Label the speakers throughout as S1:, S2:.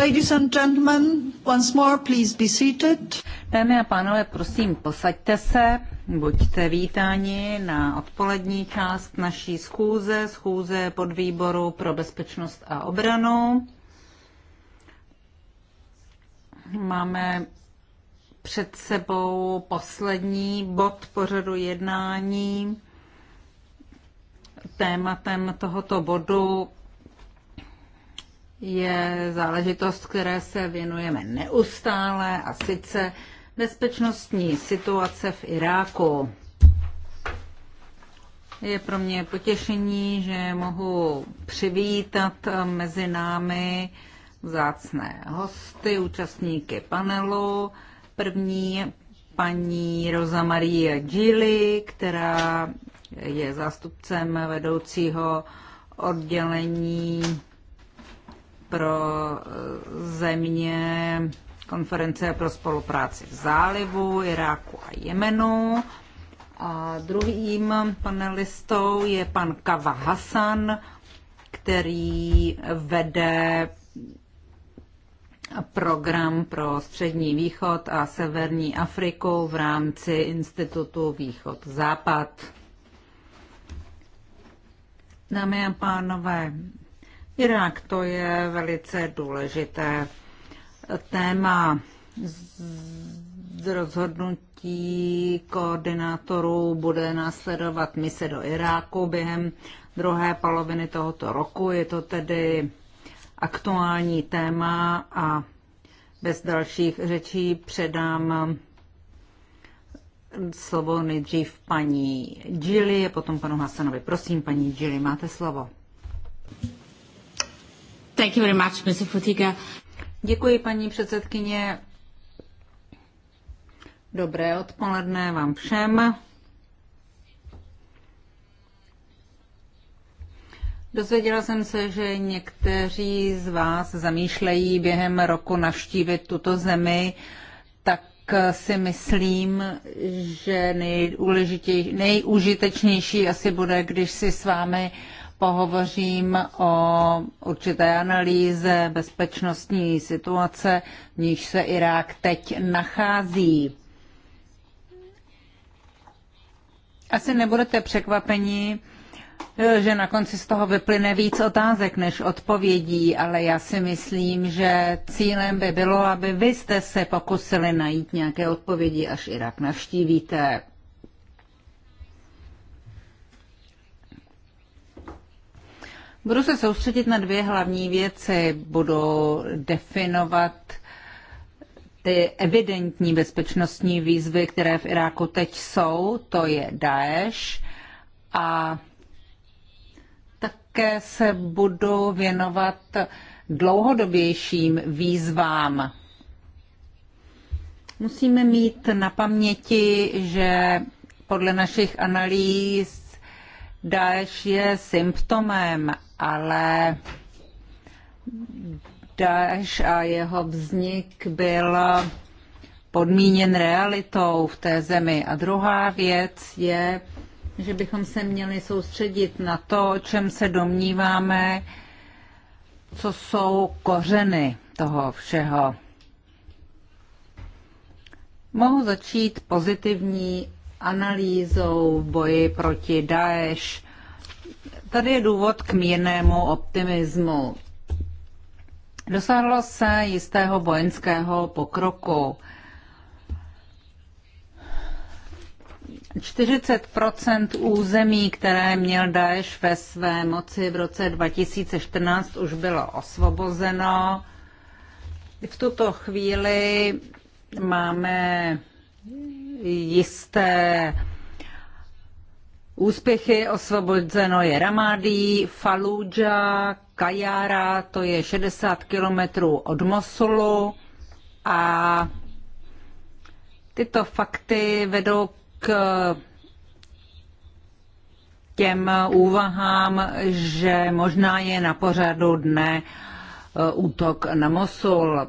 S1: Ladies and gentlemen, once more, please be seated. Dámy a pánové, prosím, posaďte se. Buďte vítáni na odpolední část naší schůze, schůze podvýboru pro bezpečnost a obranu. Máme před sebou poslední bod pořadu jednání. Tématem tohoto bodu je záležitost, které se věnujeme neustále a sice bezpečnostní situace v Iráku. Je pro mě potěšení, že mohu přivítat mezi námi vzácné hosty, účastníky panelu. První paní Rosa Maria Gili, která je zástupcem vedoucího oddělení pro eh, země konference pro spolupráci v zálivu, Iráku a Jemenu. A druhým panelistou je pan Kava Hasan, který vede program pro Střední východ a Severní Afriku v rámci Institutu Východ-Západ. Dámy a pánové, Irák to je velice důležité téma z rozhodnutí koordinátorů bude následovat mise do Iráku během druhé poloviny tohoto roku. Je to tedy aktuální téma a bez dalších řečí předám slovo nejdřív paní Džili a potom panu Hasanovi. Prosím, paní Džili, máte slovo. Thank you very much, Mr. Děkuji, paní předsedkyně. Dobré odpoledne vám všem. Dozvěděla jsem se, že někteří z vás zamýšlejí během roku navštívit tuto zemi, tak si myslím, že nejúžitečnější asi bude, když si s vámi uh, pohovořím o určité analýze bezpečnostní situace, v níž se Irák teď nachází. Asi nebudete překvapeni, že na konci z toho vyplyne víc otázek než odpovědí, ale já si myslím, že cílem by bylo, aby vy jste se pokusili najít nějaké odpovědi, až Irak navštívíte. Budu se soustředit na dvě hlavní věci. Budu definovat ty evidentní bezpečnostní výzvy, které v Iráku teď jsou, to je Daesh a také se budu věnovat dlouhodobějším výzvám. Musíme mít na paměti, že podle našich analýz Daesh je symptomem ale Daesh a jeho vznik byl podmíněn realitou v té zemi. A druhá věc je, že bychom se měli soustředit na to, o čem se domníváme, co jsou kořeny toho všeho. Mohu začít pozitivní analýzou v boji proti Daesh. Tady je důvod k mírnému optimismu. Dosáhlo se jistého vojenského pokroku. 40 území, které měl Daesh ve své moci v roce 2014, už bylo osvobozeno. V tuto chvíli máme jisté úspěchy. Osvobozeno je Ramadi, Faluja, Kajara, to je 60 kilometrů od Mosulu a tyto fakty vedou k těm úvahám, že možná je na pořadu dne e, útok na Mosul. E,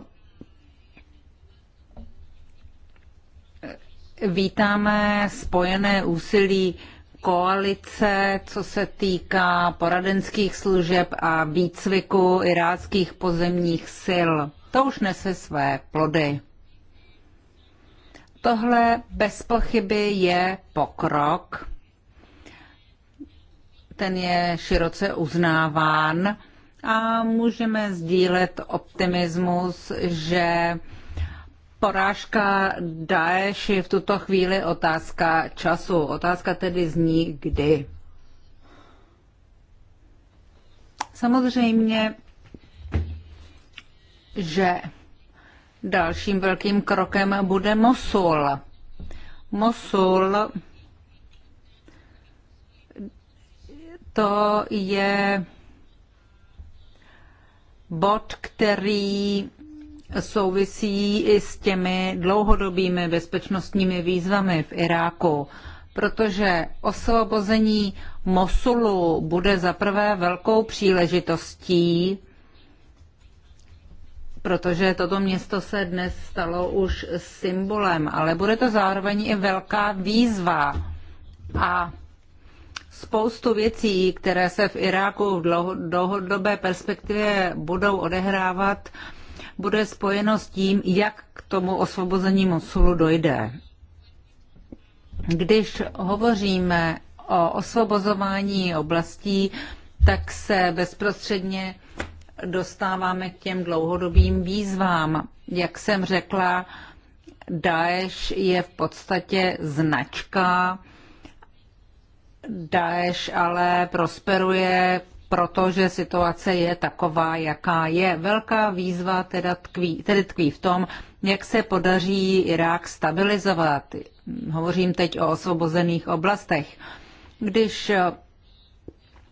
S1: vítáme spojené úsilí koalice, co se týká poradenských služeb a výcviku iráckých pozemních sil. To už nese své plody. Tohle bez pochyby je pokrok. Ten je široce uznáván a můžeme sdílet optimismus, že Porážka Daesh je v tuto chvíli otázka času. Otázka tedy zní, kdy. Samozřejmě, že dalším velkým krokem bude Mosul. Mosul to je bod, který souvisí i s těmi dlouhodobými bezpečnostními výzvami v Iráku, protože osvobození Mosulu bude zaprvé velkou příležitostí, protože toto město se dnes stalo už symbolem, ale bude to zároveň i velká výzva. A spoustu věcí, které se v Iráku v dlouhodobé perspektivě budou odehrávat, bude spojeno s tím, jak k tomu osvobození Mosulu dojde. Když hovoříme o osvobozování oblastí, tak se bezprostředně dostáváme k těm dlouhodobým výzvám. Jak jsem řekla, Daesh je v podstatě značka. Daesh ale prosperuje protože situace je taková, jaká je. Velká výzva teda tkví, tedy tkví v tom, jak se podaří Irák stabilizovat. Hovořím teď o osvobozených oblastech. Když eh,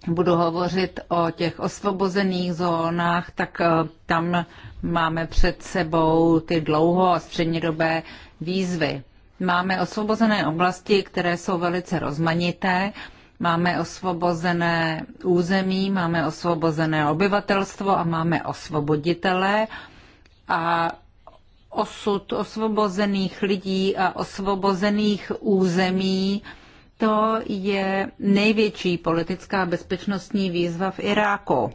S1: budu hovořit o těch osvobozených zónách, tak eh, tam máme před sebou ty dlouho a střednědobé výzvy. Máme osvobozené oblasti, které jsou velice rozmanité. Máme osvobozené území, máme osvobozené obyvatelstvo a máme osvoboditele. A osud osvobozených lidí a osvobozených území, to je největší politická bezpečnostní výzva v Iráku.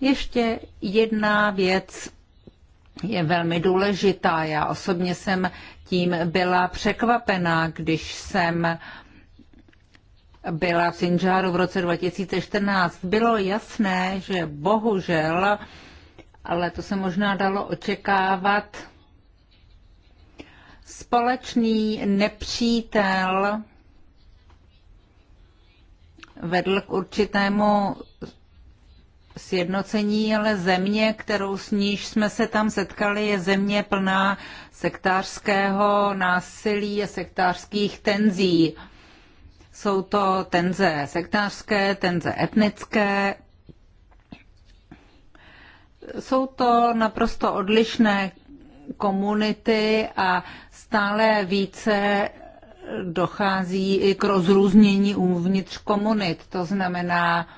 S1: Ještě jedna věc je velmi důležitá. Já osobně jsem tím byla překvapená, když jsem uh, byla v Sinžáru v roce 2014, bylo jasné, že bohužel, ale to se možná dalo očekávat, společný nepřítel vedl k určitému sjednocení, ale země, kterou s níž jsme se tam setkali, je země plná sektářského násilí a sektářských tenzí. Jsou to tenze sektářské, tenze etnické. Jsou to naprosto odlišné komunity a stále více dochází i k rozrůznění uvnitř komunit. To znamená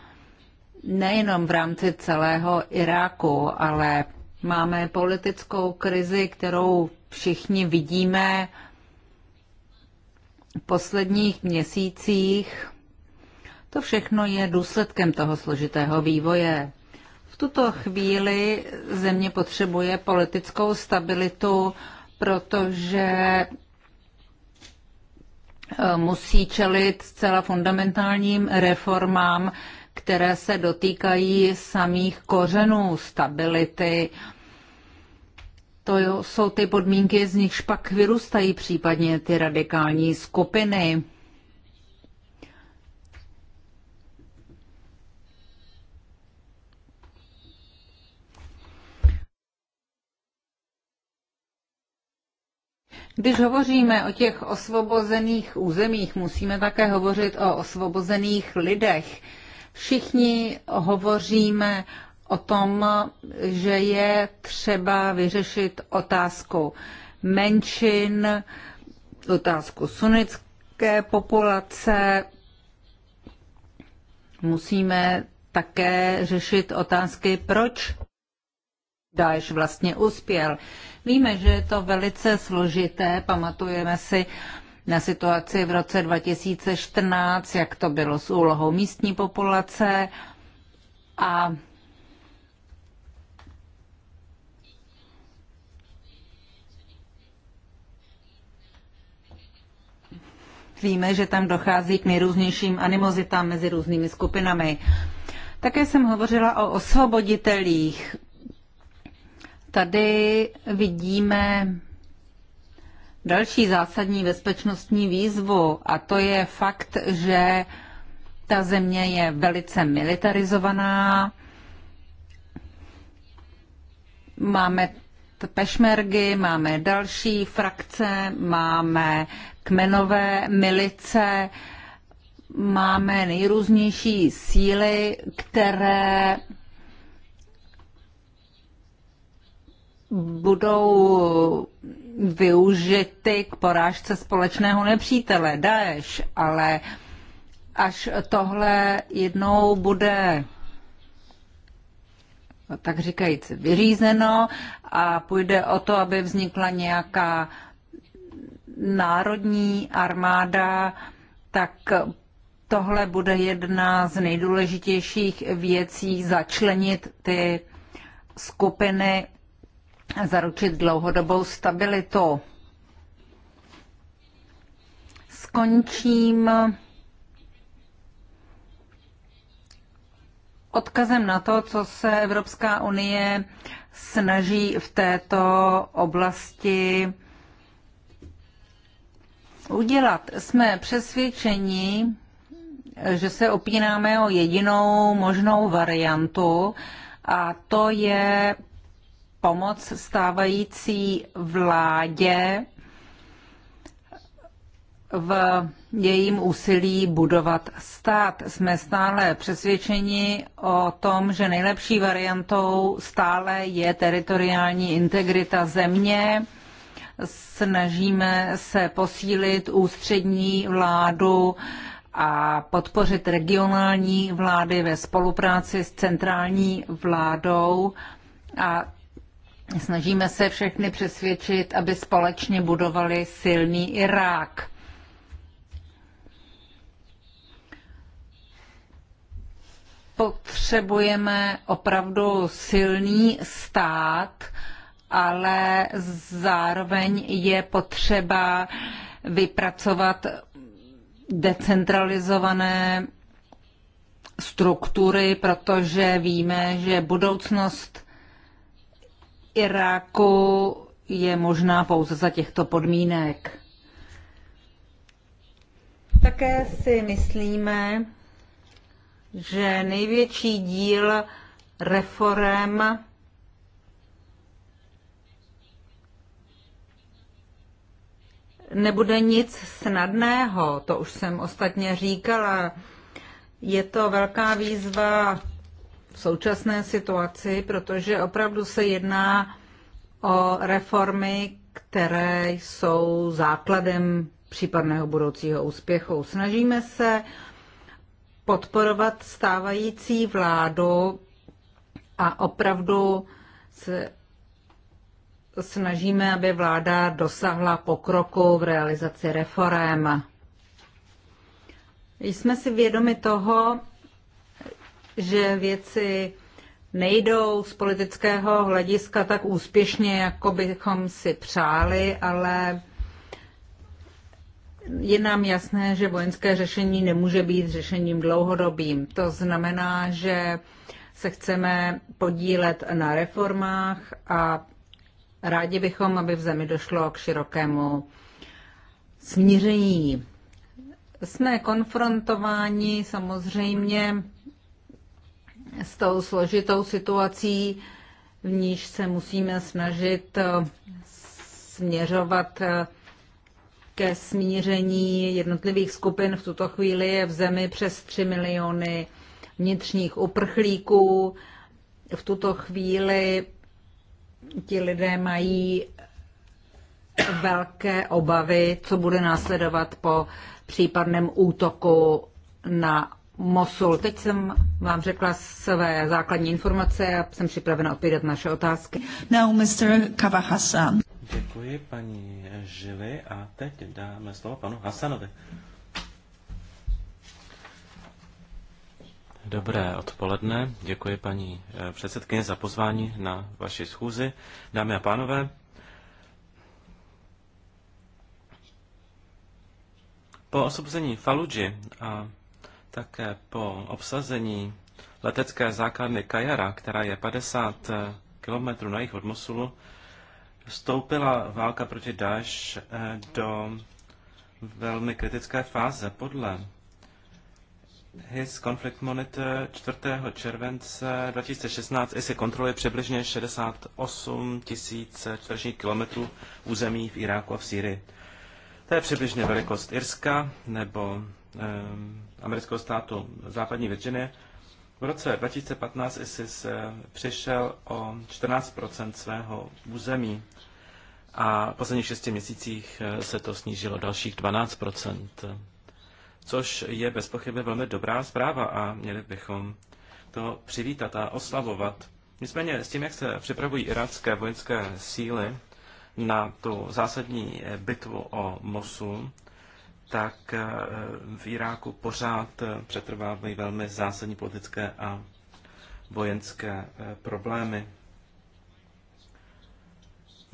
S1: nejenom v rámci celého Iráku, ale máme politickou krizi, kterou všichni vidíme posledních měsících. To všechno je důsledkem toho složitého vývoje. V tuto chvíli země potřebuje politickou stabilitu, protože eh, musí čelit zcela fundamentálním reformám, které se dotýkají samých kořenů stability to jsou ty podmínky, z nichž pak vyrůstají případně ty radikální skupiny. Když hovoříme o těch osvobozených územích, musíme také hovořit o osvobozených lidech. Všichni hovoříme o tom, že je třeba vyřešit otázku menšin, otázku sunnické populace. Musíme také řešit otázky, proč Daesh vlastně uspěl. Víme, že je to velice složité, pamatujeme si na situaci v roce 2014, jak to bylo s úlohou místní populace a Víme, že tam dochází k nejrůznějším animozitám mezi různými skupinami. Také jsem hovořila o osvoboditelích. Tady vidíme další zásadní bezpečnostní výzvu a to je fakt, že ta země je velice militarizovaná. Máme pešmergy, máme další frakce, máme kmenové milice, máme nejrůznější síly, které budou využity k porážce společného nepřítele, Daesh, ale až tohle jednou bude tak říkajíc vyřízeno a půjde o to, aby vznikla nějaká národní armáda, tak tohle bude jedna z nejdůležitějších věcí začlenit ty skupiny a zaručit dlouhodobou stabilitu. Skončím odkazem na to, co se Evropská unie snaží v této oblasti udělat. Jsme přesvědčeni, že se opínáme o jedinou možnou variantu a to je pomoc stávající vládě v jejím úsilí budovat stát. Jsme stále přesvědčeni o tom, že nejlepší variantou stále je teritoriální integrita země Snažíme se posílit ústřední vládu a podpořit regionální vlády ve spolupráci s centrální vládou a snažíme se všechny přesvědčit, aby společně budovali silný Irák. Potřebujeme opravdu silný stát, ale zároveň je potřeba vypracovat decentralizované struktury, protože víme, že budoucnost Iráku je možná pouze za těchto podmínek. Také si myslíme, že největší díl reform nebude nic snadného, to už jsem ostatně říkala. Je to velká výzva v současné situaci, protože opravdu se jedná o reformy, které jsou základem případného budoucího úspěchu. Snažíme se podporovat stávající vládu a opravdu se snažíme, aby vláda dosahla pokroku v realizaci reform. Jsme si vědomi toho, že věci nejdou z politického hlediska tak úspěšně, jako bychom si přáli, ale je nám jasné, že vojenské řešení nemůže být řešením dlouhodobým. To znamená, že se chceme podílet na reformách a Rádi bychom, aby v zemi došlo k širokému smíření. Jsme konfrontováni samozřejmě s tou složitou situací, v níž se musíme snažit eh, směřovat eh, ke smíření jednotlivých skupin. V tuto chvíli je v zemi přes 3 miliony vnitřních uprchlíků. V tuto chvíli ti lidé mají velké obavy, co bude následovat po případném útoku na Mosul. Teď jsem vám řekla své základní informace a jsem připravena odpovědět naše otázky. Now, Mr. Kavahasan.
S2: Děkuji paní Žili a teď dáme slovo panu Hasanovi. Dobré odpoledne. Děkuji paní eh, předsedkyně za pozvání na vaši schůzi. Dámy a pánové, po osobzení Faluji a také po obsazení letecké základny Kajara, která je 50 eh, kilometrů na jih od Mosulu, vstoupila válka proti Daesh eh, do velmi kritické fáze. Podle HIS Conflict Monitor 4. července 2016 ISI kontroluje přibližně 68 tisíc čtverečních kilometrů území v Iráku a v Sýrii. To je přibližně velikost Irska nebo eh, amerického státu západní Virginie. V roce 2015 ISIS eh, přišel o 14 svého území a v posledních šesti měsících eh, se to snížilo dalších 12 což je bez pochyby velmi dobrá zpráva a měli bychom to přivítat a oslavovat. Nicméně s tím, jak se připravují irácké vojenské síly na tu zásadní eh, bitvu o Mosul, tak eh, v Iráku pořád eh, přetrvávají velmi zásadní politické a vojenské problémy.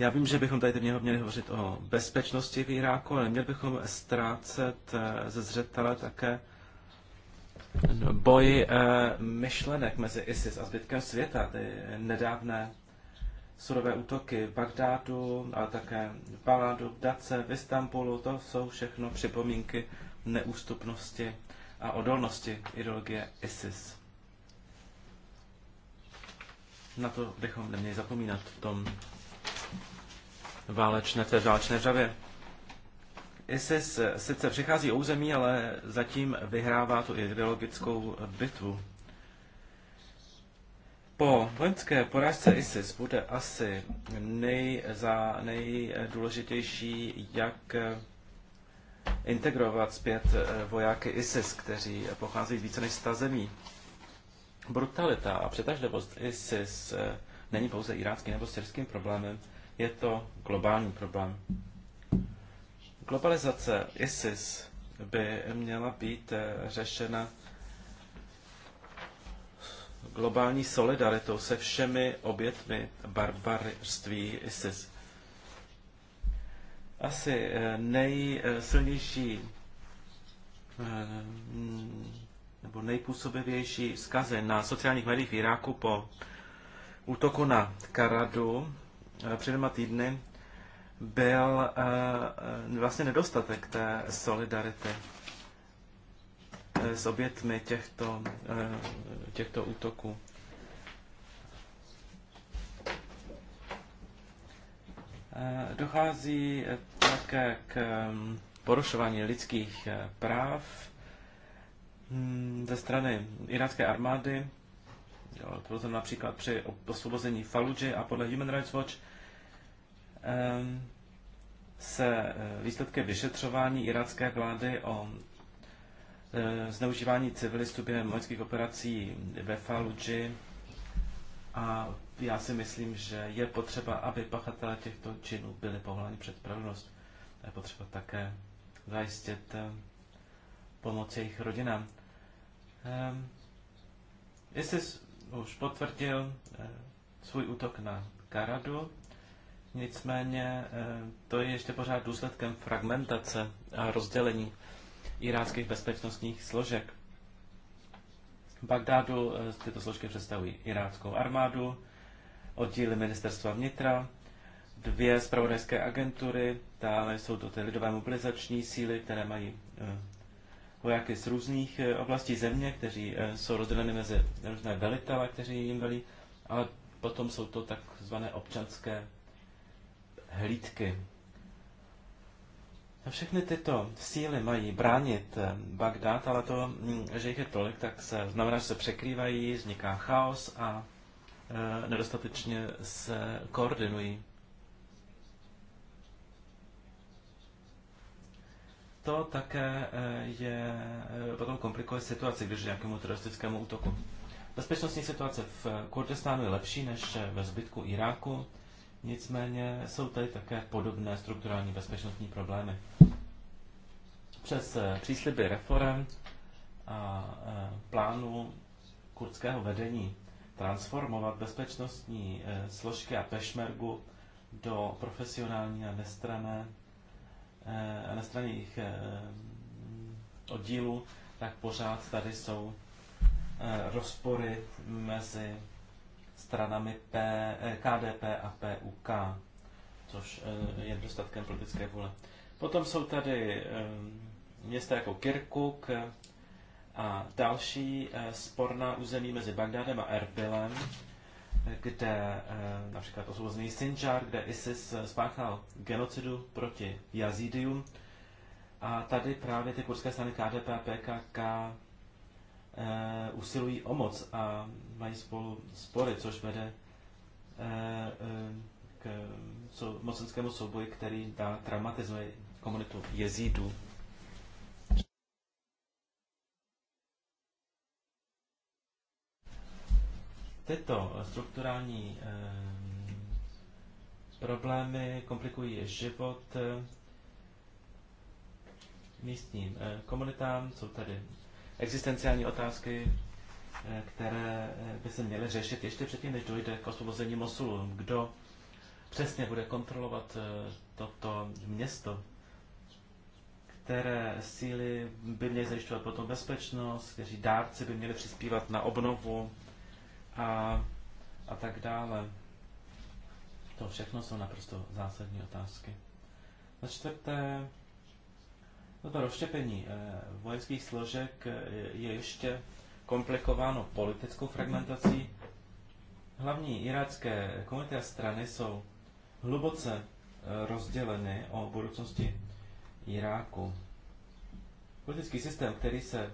S2: Já vím, že bychom tady měli hovořit o bezpečnosti v Iráku, ale neměli bychom ztrácet eh, ze zřetele také boj eh, myšlenek mezi ISIS a zbytkem světa. Ty nedávné surové útoky v Bagdádu, ale také v Baládu, v Dace, v Istanbulu, to jsou všechno připomínky neústupnosti a odolnosti ideologie ISIS. Na to bychom neměli zapomínat v tom válečné, v té válečné řavě. ISIS sice přichází o území, ale zatím vyhrává tu ideologickou bitvu. Po vojenské porážce ISIS bude asi nej, za nejdůležitější, jak integrovat zpět vojáky ISIS, kteří pocházejí z více než 100 zemí. Brutalita a přetažlivost ISIS eh, není pouze iráckým nebo syrským problémem, je to globální problém. Globalizace ISIS by měla být eh, řešena globální solidaritou se všemi obětmi barbarství ISIS. Asi eh, nejsilnější eh, nebo nejpůsobivější vzkazy na sociálních médiích v Iráku po útoku na Karadu Eh, před dvěma týdny byl eh, vlastně nedostatek té solidarity eh, s obětmi těchto, těchto útoků. Dochází také k mm, porušování lidských práv mm, ze strany irácké armády. Bylo to například při osvobození Faluji a podle Human Rights Watch se eh, výsledky vyšetřování irácké vlády o eh, zneužívání civilistů během vojenských operací ve Faluji a já si myslím, že je potřeba, aby pachatelé těchto činů byli povoláni před spravedlnost. Je potřeba také zajistit eh, pomoc jejich rodinám. Jestli už potvrdil svůj útok na Karadu, Nicméně eh, to je ještě pořád důsledkem fragmentace a rozdělení iráckých bezpečnostních složek. V Bagdádu eh, tyto složky představují iráckou armádu, oddíly ministerstva vnitra, dvě zpravodajské agentury, dále jsou to ty lidové mobilizační síly, které mají eh, vojáky z různých oblastí země, kteří jsou rozděleny mezi různé velitele, kteří jim velí, ale potom jsou to takzvané občanské hlídky. A všechny tyto síly mají bránit eh, Bagdád, ale to, hm, že jich je tolik, tak se znamená, že se překrývají, vzniká chaos a e, nedostatečně se koordinují. To také eh, je, potom komplikuje situaci, když nějakému teroristickému útoku. Bezpečnostní situace v Kurdistánu je lepší než ve zbytku Iráku. Nicméně jsou tady také podobné strukturální bezpečnostní problémy. Přes eh, přísliby reform a eh, plánu kurdského vedení transformovat bezpečnostní eh, složky a pešmergu do profesionální a nestrané, nestraných oddílů, tak pořád tady jsou rozpory mezi stranami P, eh, KDP a PUK, což eh, je dostatkem politické vůle. Potom jsou tady eh, města jako Kirkuk a další sporná území mezi Bagdádem a Erbilem, kde například osvobozený Sinjar, kde ISIS spáchal genocidu proti Jazidium. A tady právě ty kurské strany KDP a PKK Eh, usilují o moc a mají spolu spory, což vede eh, eh, k mocenskému souboji, který dá traumatizuje komunitu jezídů. Tyto strukturální problémy komplikují život místním komunitám, jsou tady existenciální otázky, eh, které eh, by se měly řešit ještě předtím, než dojde k osvobození Mosulu. Kdo přesně bude kontrolovat eh, toto město, které síly by měly zajišťovat potom bezpečnost, kteří dárci by měli přispívat na obnovu a, a tak dále. To všechno jsou naprosto zásadní otázky. Za čtvrté, Toto rozštěpení eh, vojenských složek eh, je ještě komplikováno politickou fragmentací. Hlavní irácké komunity a strany jsou hluboce eh, rozděleny o budoucnosti Iráku. Politický systém, který se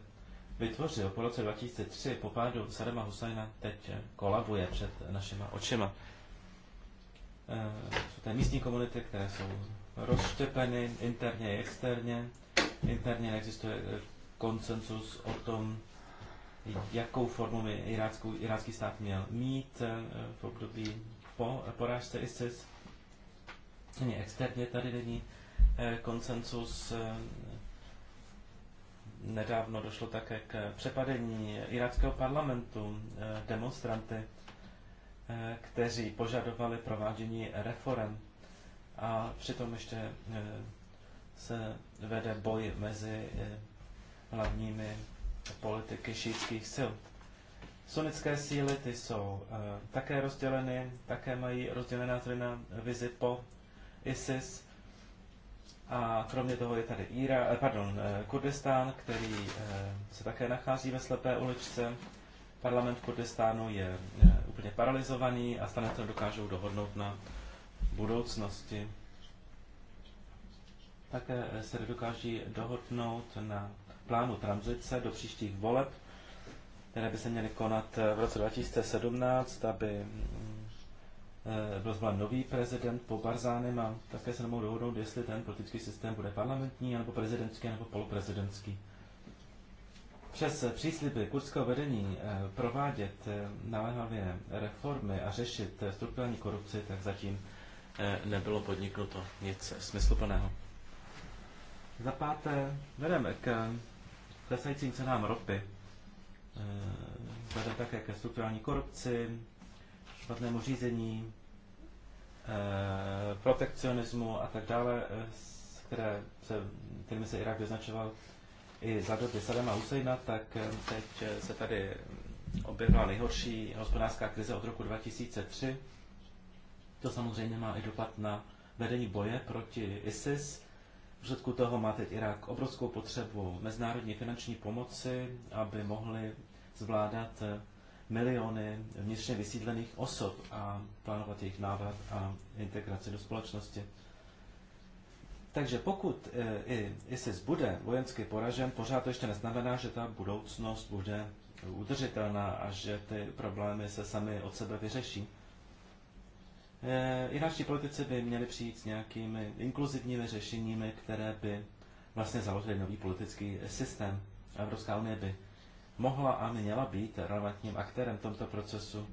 S2: vytvořil po roce 2003 po pádu Sadama Husajna, teď kolabuje před našima očima. Jsou to místní komunity, které jsou rozštěpeny interně i externě interně neexistuje eh, koncensus o tom, jakou formu by iráckou, irácký stát měl mít eh, v období po porážce ISIS. Ani externě tady není eh, koncensus. Nedávno došlo také k přepadení iráckého parlamentu demonstranty, kteří požadovali provádění reform a přitom ještě se vede boj mezi eh, hlavními politiky šítských sil. Sunnické síly ty jsou eh, také rozděleny, také mají rozdělená názory na vizi po ISIS. A kromě toho je tady Ira, eh, pardon, Kurdistán, který se také nachází ve slepé uličce. Parlament Kurdistánu je úplně paralizovaný a stane se dokážou dohodnout na budoucnosti. Také se dokáží dohodnout na plánu tranzice do příštích voleb, které by se měly konat eh, v roce 2017, aby eh, byl zvolen nový prezident po Barzánem a také se nemohou dohodnout, jestli ten politický systém bude parlamentní, nebo prezidentský, nebo poloprezidentský. Přes přísliby kurdského vedení eh, provádět naléhavě reformy a řešit strukturální korupci, tak zatím nebylo podniknuto nic smysluplného. Za páté, vedeme k klesajícím cenám ropy. E, Vede také ke strukturální korupci, špatnému řízení, e, protekcionismu a tak dále, e, které se, kterými se Irák vyznačoval i za doby Sadama Husejna, tak teď se tady objevila nejhorší hospodářská krize od roku 2003. To samozřejmě má i dopad na vedení boje proti ISIS v důsledku toho má teď Irák obrovskou potřebu mezinárodní finanční pomoci, aby mohli zvládat eh, miliony vnitřně vysídlených osob a plánovat jejich návrat a integraci do společnosti. Takže pokud eh, i ISIS bude vojensky poražen, pořád to ještě neznamená, že ta budoucnost bude udržitelná a že ty problémy se sami od sebe vyřeší. Eh, iráčtí politici by měli přijít s nějakými inkluzivními řešeními, které by vlastně založily nový politický systém. Evropská unie by mohla a měla být relevantním aktérem v tomto procesu.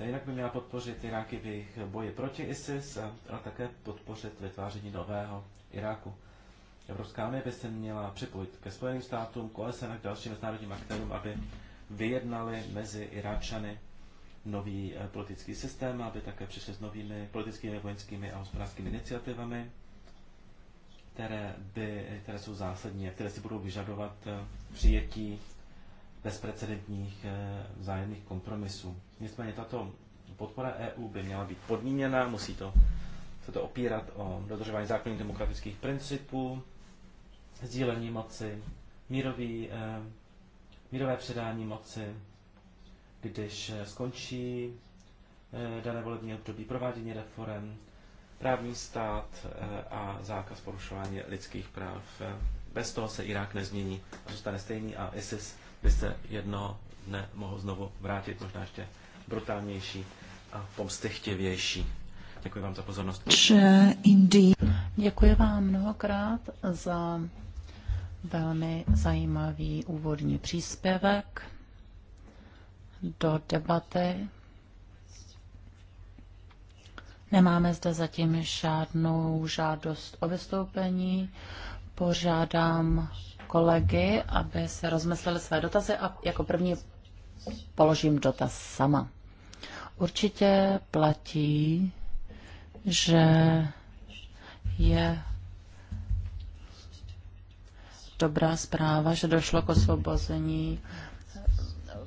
S2: Eh, jinak by měla podpořit Iráky v jejich boji proti ISIS a, a také podpořit vytváření nového Iráku. Evropská unie by se měla připojit ke Spojeným státům, k OSN a k dalším mezinárodním aktérům, aby vyjednali mezi Iráčany nový eh, politický systém, aby také přišli s novými politickými, vojenskými a hospodářskými iniciativami, které, by, které jsou zásadní a které si budou vyžadovat eh, přijetí bezprecedentních eh, vzájemných kompromisů. Nicméně tato podpora EU by měla být podmíněna, musí to se to opírat o dodržování základních demokratických principů, sdílení moci, mírový, mírové předání moci, když eh, skončí eh, dané volební období provádění reform, právní stát eh, a zákaz porušování lidských práv. Bez toho se Irák nezmění a zůstane stejný a ISIS by se jedno dne mohl znovu vrátit, možná ještě brutálnější
S3: a pomstechtivější. Děkuji vám za pozornost. Děkuji vám mnohokrát za velmi zajímavý úvodní příspěvek do debaty. Nemáme zde zatím žádnou žádost o vystoupení. Požádám kolegy, aby se rozmysleli své dotazy a jako první položím dotaz sama. Určitě platí, že je dobrá zpráva, že došlo k osvobození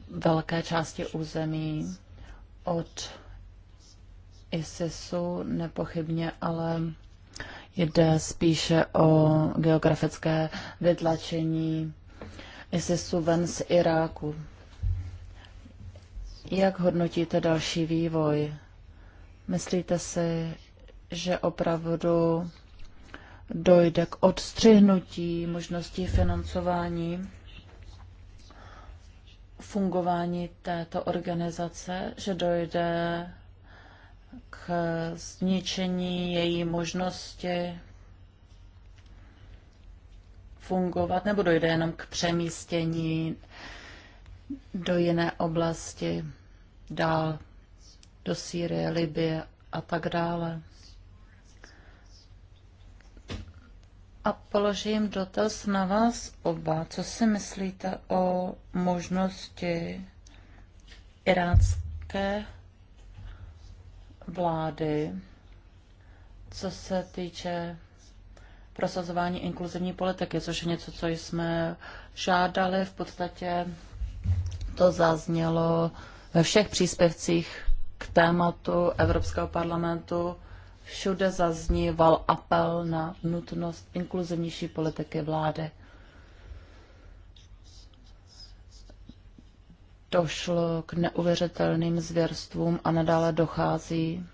S3: velké části území od ISISu nepochybně, ale jde spíše o geografické vytlačení ISISu ven z Iráku. Jak hodnotíte další vývoj? Myslíte si, že opravdu dojde k odstřihnutí možností financování fungování této organizace, že dojde k zničení její možnosti fungovat, nebo dojde jenom k přemístění do jiné oblasti, dál do Sýrie, Libie a tak dále. a položím dotaz na vás oba. Co si myslíte o možnosti irácké vlády, co se týče prosazování inkluzivní politiky, což je něco, co jsme žádali. V podstatě to zaznělo ve všech příspěvcích k tématu Evropského parlamentu všude zazníval apel na nutnost inkluzivnější politiky vlády. Došlo k neuvěřitelným zvěrstvům a nadále dochází.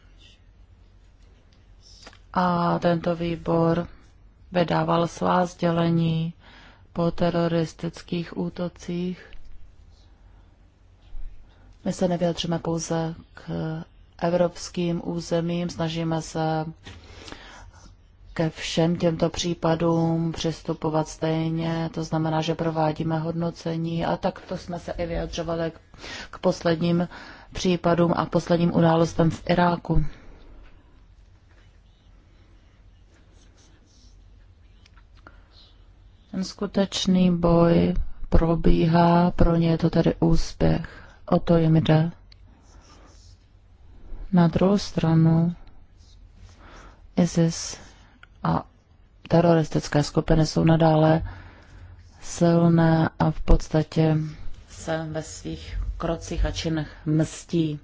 S3: A tento výbor vydával svá sdělení po teroristických útocích. My se nevyjadřujeme pouze k evropským územím. Snažíme se ke všem těmto případům přistupovat stejně, to znamená, že provádíme hodnocení a takto jsme se i vyjadřovali k posledním případům a posledním událostem v Iráku. Ten skutečný boj probíhá, pro ně je to tedy úspěch. O to jim jde. Na druhou stranu ISIS a teroristické skupiny jsou nadále silné a v podstatě se ve svých krocích a činech mstí.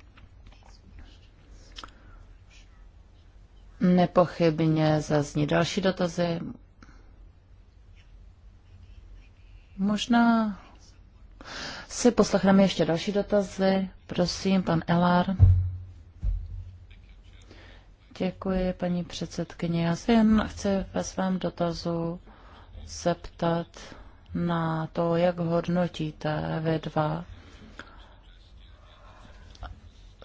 S3: Nepochybně zazní další dotazy. Možná si poslechneme ještě další dotazy. Prosím, pan Elár. Děkuji, paní předsedkyně. Já se jen chci ve svém dotazu zeptat na to, jak hodnotíte vy dva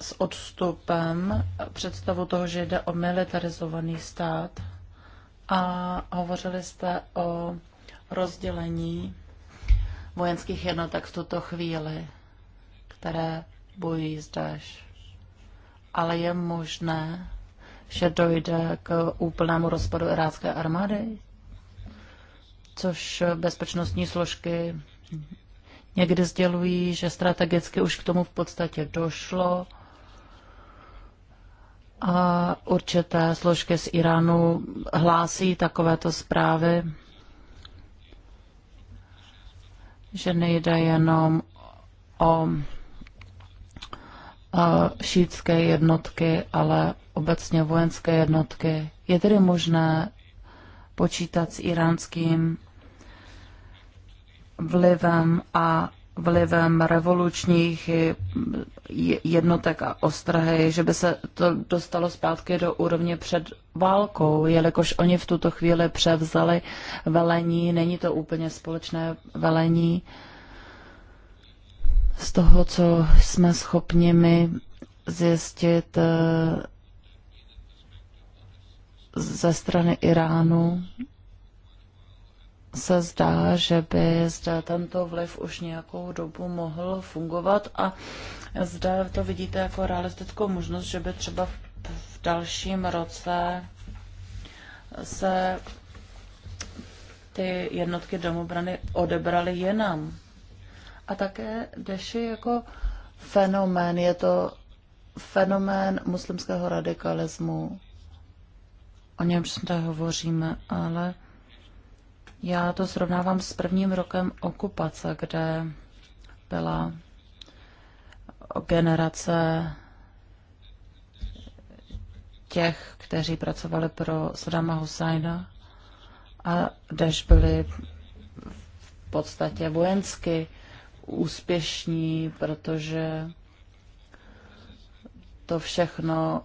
S3: s odstupem představu toho, že jde o militarizovaný stát a hovořili jste o rozdělení vojenských jednotek v tuto chvíli, které bojují zdaž. Ale je možné, že dojde k úplnému rozpadu irácké armády, což bezpečnostní složky někdy sdělují, že strategicky už k tomu v podstatě došlo a určité složky z Iránu hlásí takovéto zprávy, že nejde jenom o šítské jednotky, ale obecně vojenské jednotky. Je tedy možné počítat s iránským vlivem a vlivem revolučních jednotek a ostrahy, že by se to dostalo zpátky do úrovně před válkou, jelikož oni v tuto chvíli převzali velení, není to úplně společné velení z toho, co jsme schopni my zjistit eh, ze strany Iránu, se zdá, že by zde tento vliv už nějakou dobu mohl fungovat a zde to vidíte jako realistickou možnost, že by třeba v, dalším roce se ty jednotky domobrany odebraly jinam a také Deši jako fenomén. Je to fenomén muslimského radikalismu. O němž zde hovoříme, ale já to srovnávám s prvním rokem okupace, kde byla generace těch, kteří pracovali pro Sadama Husajna a Deš byli v podstatě vojensky úspěšní, protože to všechno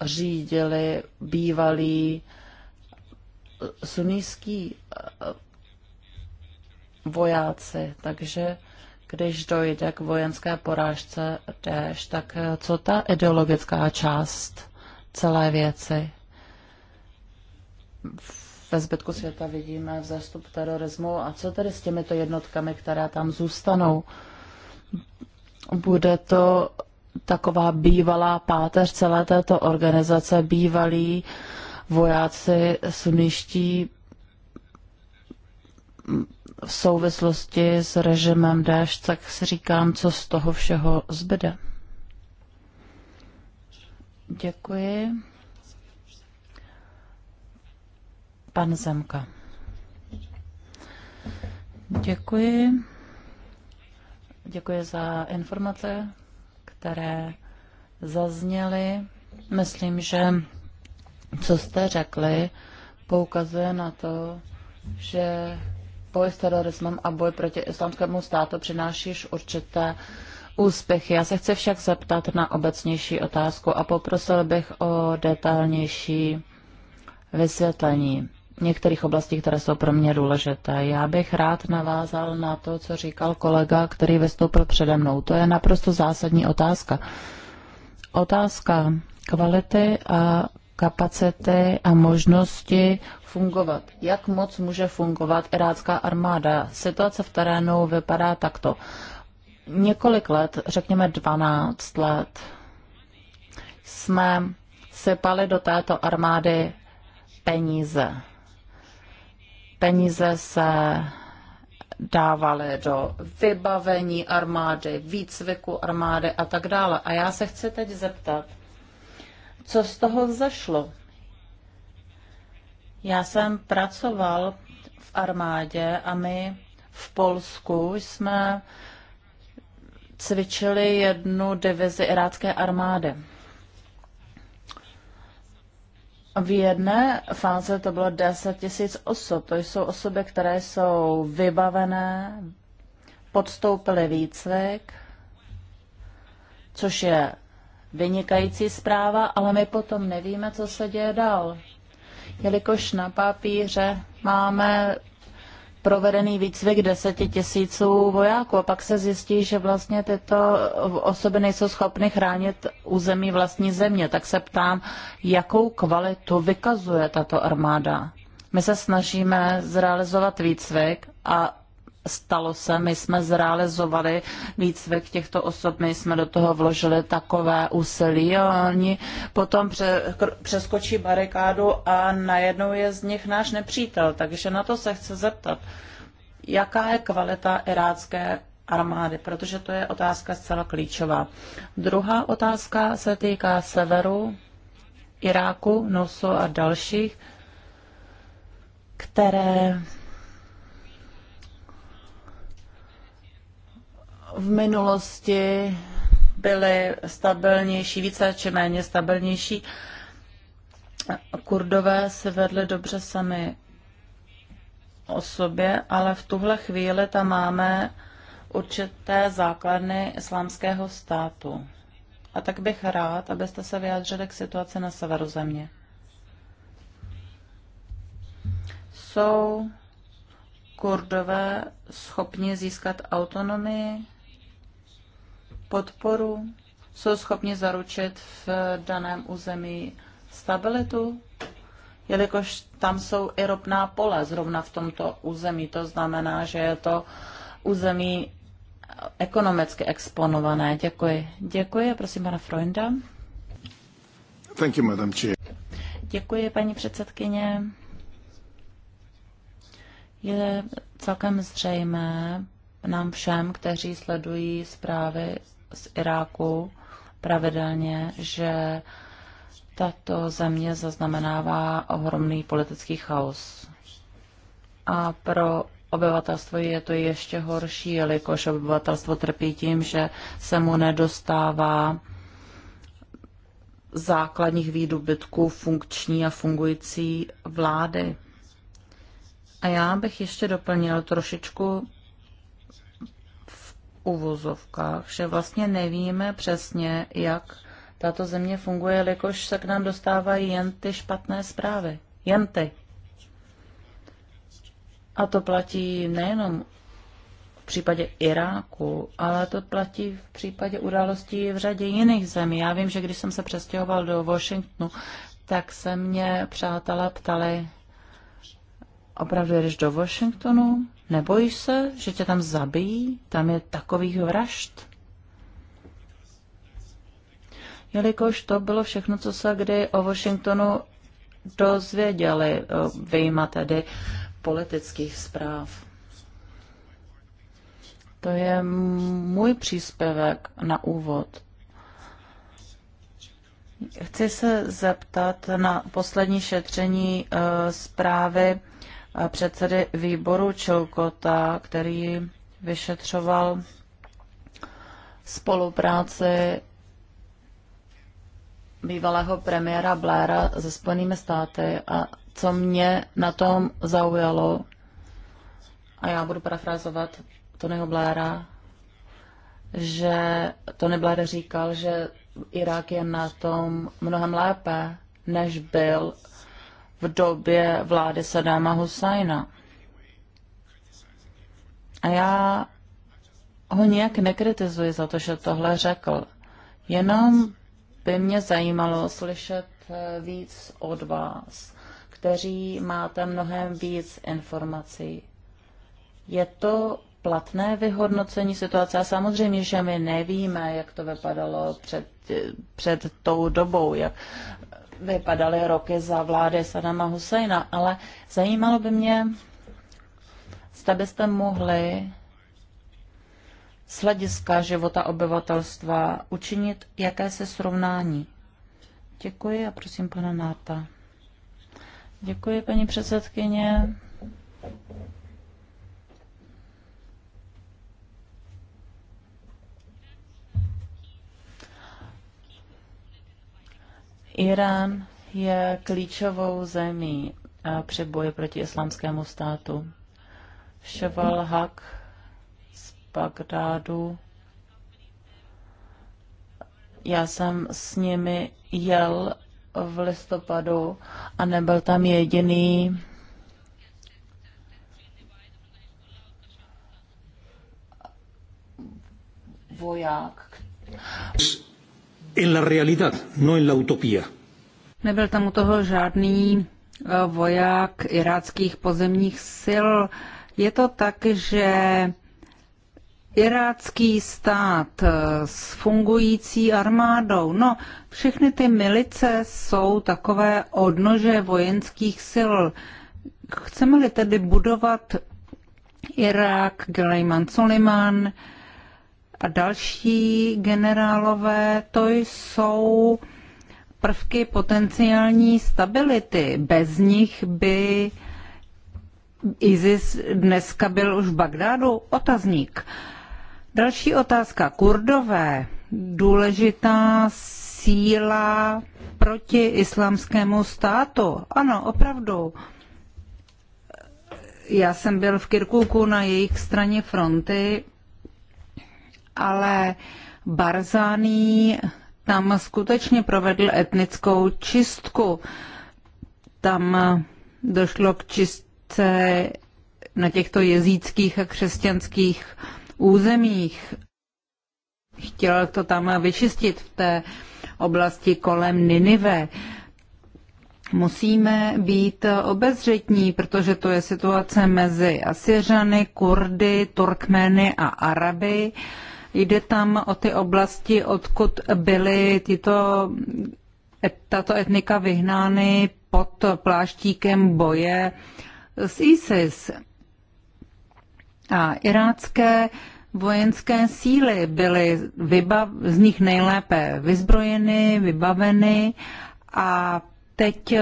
S3: řídili bývalí sunníský eh, vojáci, takže když dojde k vojenské porážce Daesh, tak eh, co ta ideologická část celé věci? V ve zbytku světa vidíme vzestup terorismu. A co tedy s těmito jednotkami, které tam zůstanou? Bude to taková bývalá páteř celé této organizace, bývalí vojáci suniští v souvislosti s režimem déšť, tak si říkám, co z toho všeho zbyde. Děkuji. Pan Zemka. Děkuji. Děkuji za informace, které zazněly. Myslím, že co jste řekli, poukazuje na to, že boj s terorismem a boj proti islámskému státu přinášíš určité úspěchy. Já se chci však zeptat na obecnější otázku a poprosil bych o detailnější vysvětlení některých oblastí, které jsou pro mě důležité. Já bych rád navázal na to, co říkal kolega, který vystoupil přede mnou. To je naprosto zásadní otázka. Otázka kvality a kapacity a možnosti fungovat. Jak moc může fungovat irácká armáda? Situace v terénu vypadá takto. Několik let, řekněme 12 let, jsme sypali do této armády peníze. Peníze se dávaly do vybavení armády, výcviku armády a tak dále. A já se chci teď zeptat, co z toho zašlo. Já jsem pracoval v armádě a my v Polsku jsme cvičili jednu divizi irácké armády. V jedné fáze to bylo 10 tisíc osob. To jsou osoby, které jsou vybavené, podstoupily výcvik, což je vynikající zpráva, ale my potom nevíme, co se děje dál. Jelikož na papíře máme provedený výcvik deseti tisíců vojáků a pak se zjistí, že vlastně tyto osoby nejsou schopny chránit území vlastní země. Tak se ptám, jakou kvalitu vykazuje tato armáda? My se snažíme zrealizovat výcvik a stalo se, my jsme zrealizovali výcvik těchto osob, my jsme do toho vložili takové úsilí a oni potom pře- přeskočí barikádu a najednou je z nich náš nepřítel, takže na to se chce zeptat. Jaká je kvalita irácké armády, protože to je otázka zcela klíčová. Druhá otázka se týká severu Iráku, Nosu a dalších, které v minulosti byly stabilnější, více či méně stabilnější. Kurdové se vedli dobře sami o sobě, ale v tuhle chvíli tam máme určité základny islámského státu. A tak bych rád, abyste se vyjádřili k situaci na severu země. Jsou kurdové schopni získat autonomii? podporu, jsou schopni zaručit v daném území stabilitu, jelikož tam jsou i ropná pole zrovna v tomto území. To znamená, že je to území ekonomicky exponované. Děkuji. Děkuji. Prosím pana Freunda. Thank you, madam chair. Děkuji, paní předsedkyně. Je celkem zřejmé nám všem, kteří sledují zprávy z Iráku pravidelně, že tato země zaznamenává ohromný politický chaos. A pro obyvatelstvo je to ještě horší, jelikož obyvatelstvo trpí tím, že se mu nedostává základních výdobytků funkční a fungující vlády. A já bych ještě doplnil trošičku uvozovkách, že vlastně nevíme přesně, jak tato země funguje, jelikož se k nám dostávají jen ty špatné zprávy. Jen ty. A to platí nejenom v případě Iráku, ale to platí v případě událostí v řadě jiných zemí. Já vím, že když jsem se přestěhoval do Washingtonu, tak se mě přátelé ptali, Opravdu jedeš do Washingtonu? Nebojíš se, že tě tam zabijí? Tam je takových vražd? Jelikož to bylo všechno, co se kdy o Washingtonu dozvěděli, eh, vyjma tedy politických zpráv. To je můj příspěvek na úvod. Chci se zeptat na poslední šetření eh, zprávy předsedy výboru Čilkota, který vyšetřoval spolupráci bývalého premiéra Blaira se Spojenými státy a co mě na tom zaujalo, a já budu parafrázovat Tonyho Blaira, že Tony Blair říkal, že Irák je na tom mnohem lépe, než byl v době vlády Sadáma Husajna. A já ho nijak nekritizuji za to, že tohle řekl. Jenom by mě zajímalo slyšet eh, víc od vás, kteří máte mnohem víc informací. Je to platné vyhodnocení situace a samozřejmě, že my nevíme, jak to vypadalo před, eh, před tou dobou, jak vypadaly roky za vlády Sadama Husajna, ale zajímalo by mě, zda byste mohli z hlediska života obyvatelstva učinit jakési srovnání. Děkuji a prosím pana Náta. Děkuji, paní předsedkyně. Irán je klíčovou zemí eh, při boji proti islámskému státu. Ševal Haq z Bagdádu. Já jsem s nimi jel v listopadu a nebyl tam jediný
S1: voják
S2: en la realidad,
S3: no en la utopía.
S1: Nebyl tam u toho žádný eh, voják iráckých pozemních sil. Je to tak, že irácký stát eh, s fungující armádou, no všechny ty milice jsou takové odnože vojenských sil. Chceme-li tedy budovat Irák, Gelejman, Soliman, a další generálové, to jsou prvky potenciální stability. Bez nich by ISIS dneska byl už v Bagdádu? Otazník. Další otázka. Kurdové. Důležitá síla proti islámskému státu. Ano, opravdu. Já jsem byl v Kirkuku na jejich straně fronty ale Barzani tam skutečně provedl etnickou čistku. Tam došlo k čistce na těchto jezíckých a křesťanských územích. Chtěl to tam vyčistit v té oblasti kolem Ninive. Musíme být obezřetní, protože to je situace mezi Asiřany, Kurdy, Turkmeny a Araby. Jde tam o ty oblasti, odkud byly tyto, tato etnika vyhnány pod pláštíkem boje s ISIS. A irácké vojenské síly byly vybav, z nich nejlépe vyzbrojeny, vybaveny a teď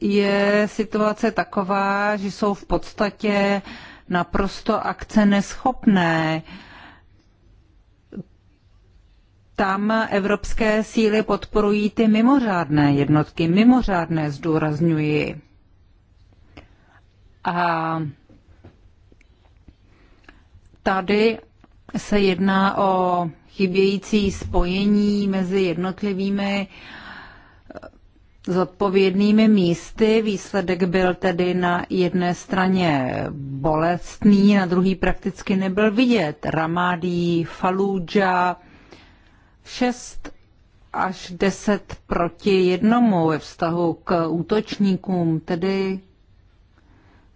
S1: je situace taková, že jsou v podstatě naprosto akce neschopné tam evropské síly podporují ty mimořádné jednotky, mimořádné zdůrazňuji. A tady se jedná o chybějící spojení mezi jednotlivými eh, zodpovědnými místy. Výsledek byl tedy na jedné straně bolestný, na druhý prakticky nebyl vidět. Ramadi, Fallujah, 6 až 10 proti jednomu ve vztahu k útočníkům, tedy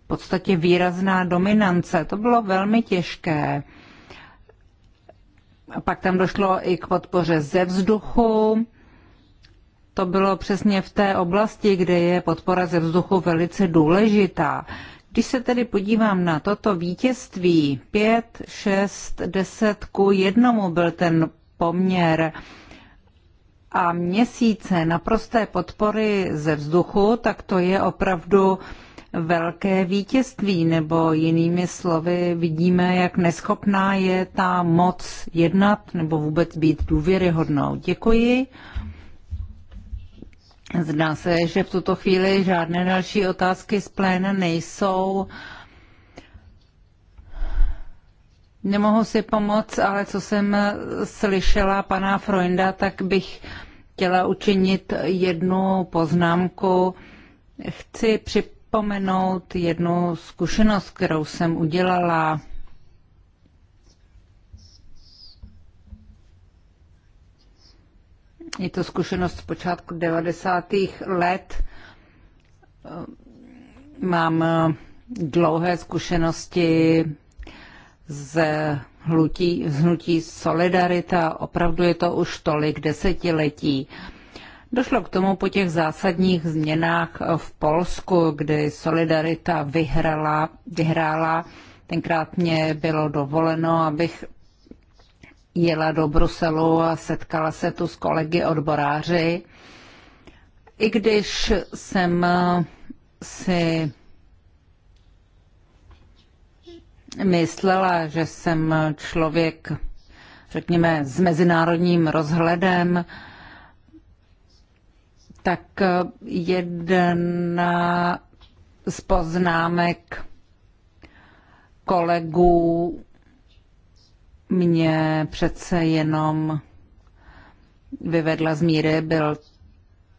S1: v podstatě výrazná dominance. To bylo velmi těžké. A pak tam došlo i k podpoře ze vzduchu. To bylo přesně v té oblasti, kde je podpora ze vzduchu velice důležitá. Když se tedy podívám na toto vítězství, 5, 6, 10 ku jednomu byl ten poměr. A měsíce naprosté podpory ze vzduchu, tak to je opravdu velké vítězství, nebo jinými slovy vidíme, jak neschopná je ta moc jednat nebo vůbec být důvěryhodnou. Děkuji. Zdá se, že v tuto chvíli žádné další otázky z pléna nejsou. Nemohu si pomoct, ale co jsem slyšela pana Freunda, tak bych chtěla učinit jednu poznámku. Chci připomenout jednu zkušenost, kterou jsem udělala. Je to zkušenost z počátku 90. let. Mám dlouhé zkušenosti z hnutí, z hnutí Solidarita. Opravdu je to už tolik desetiletí. Došlo k tomu po těch zásadních změnách v Polsku, kdy Solidarita vyhrala, vyhrála. Tenkrát mě bylo dovoleno, abych jela do Bruselu a setkala se tu s kolegy odboráři. I když jsem si myslela, že jsem člověk, řekněme, s mezinárodním rozhledem, tak jedna z poznámek kolegů mě přece jenom vyvedla z míry. Byl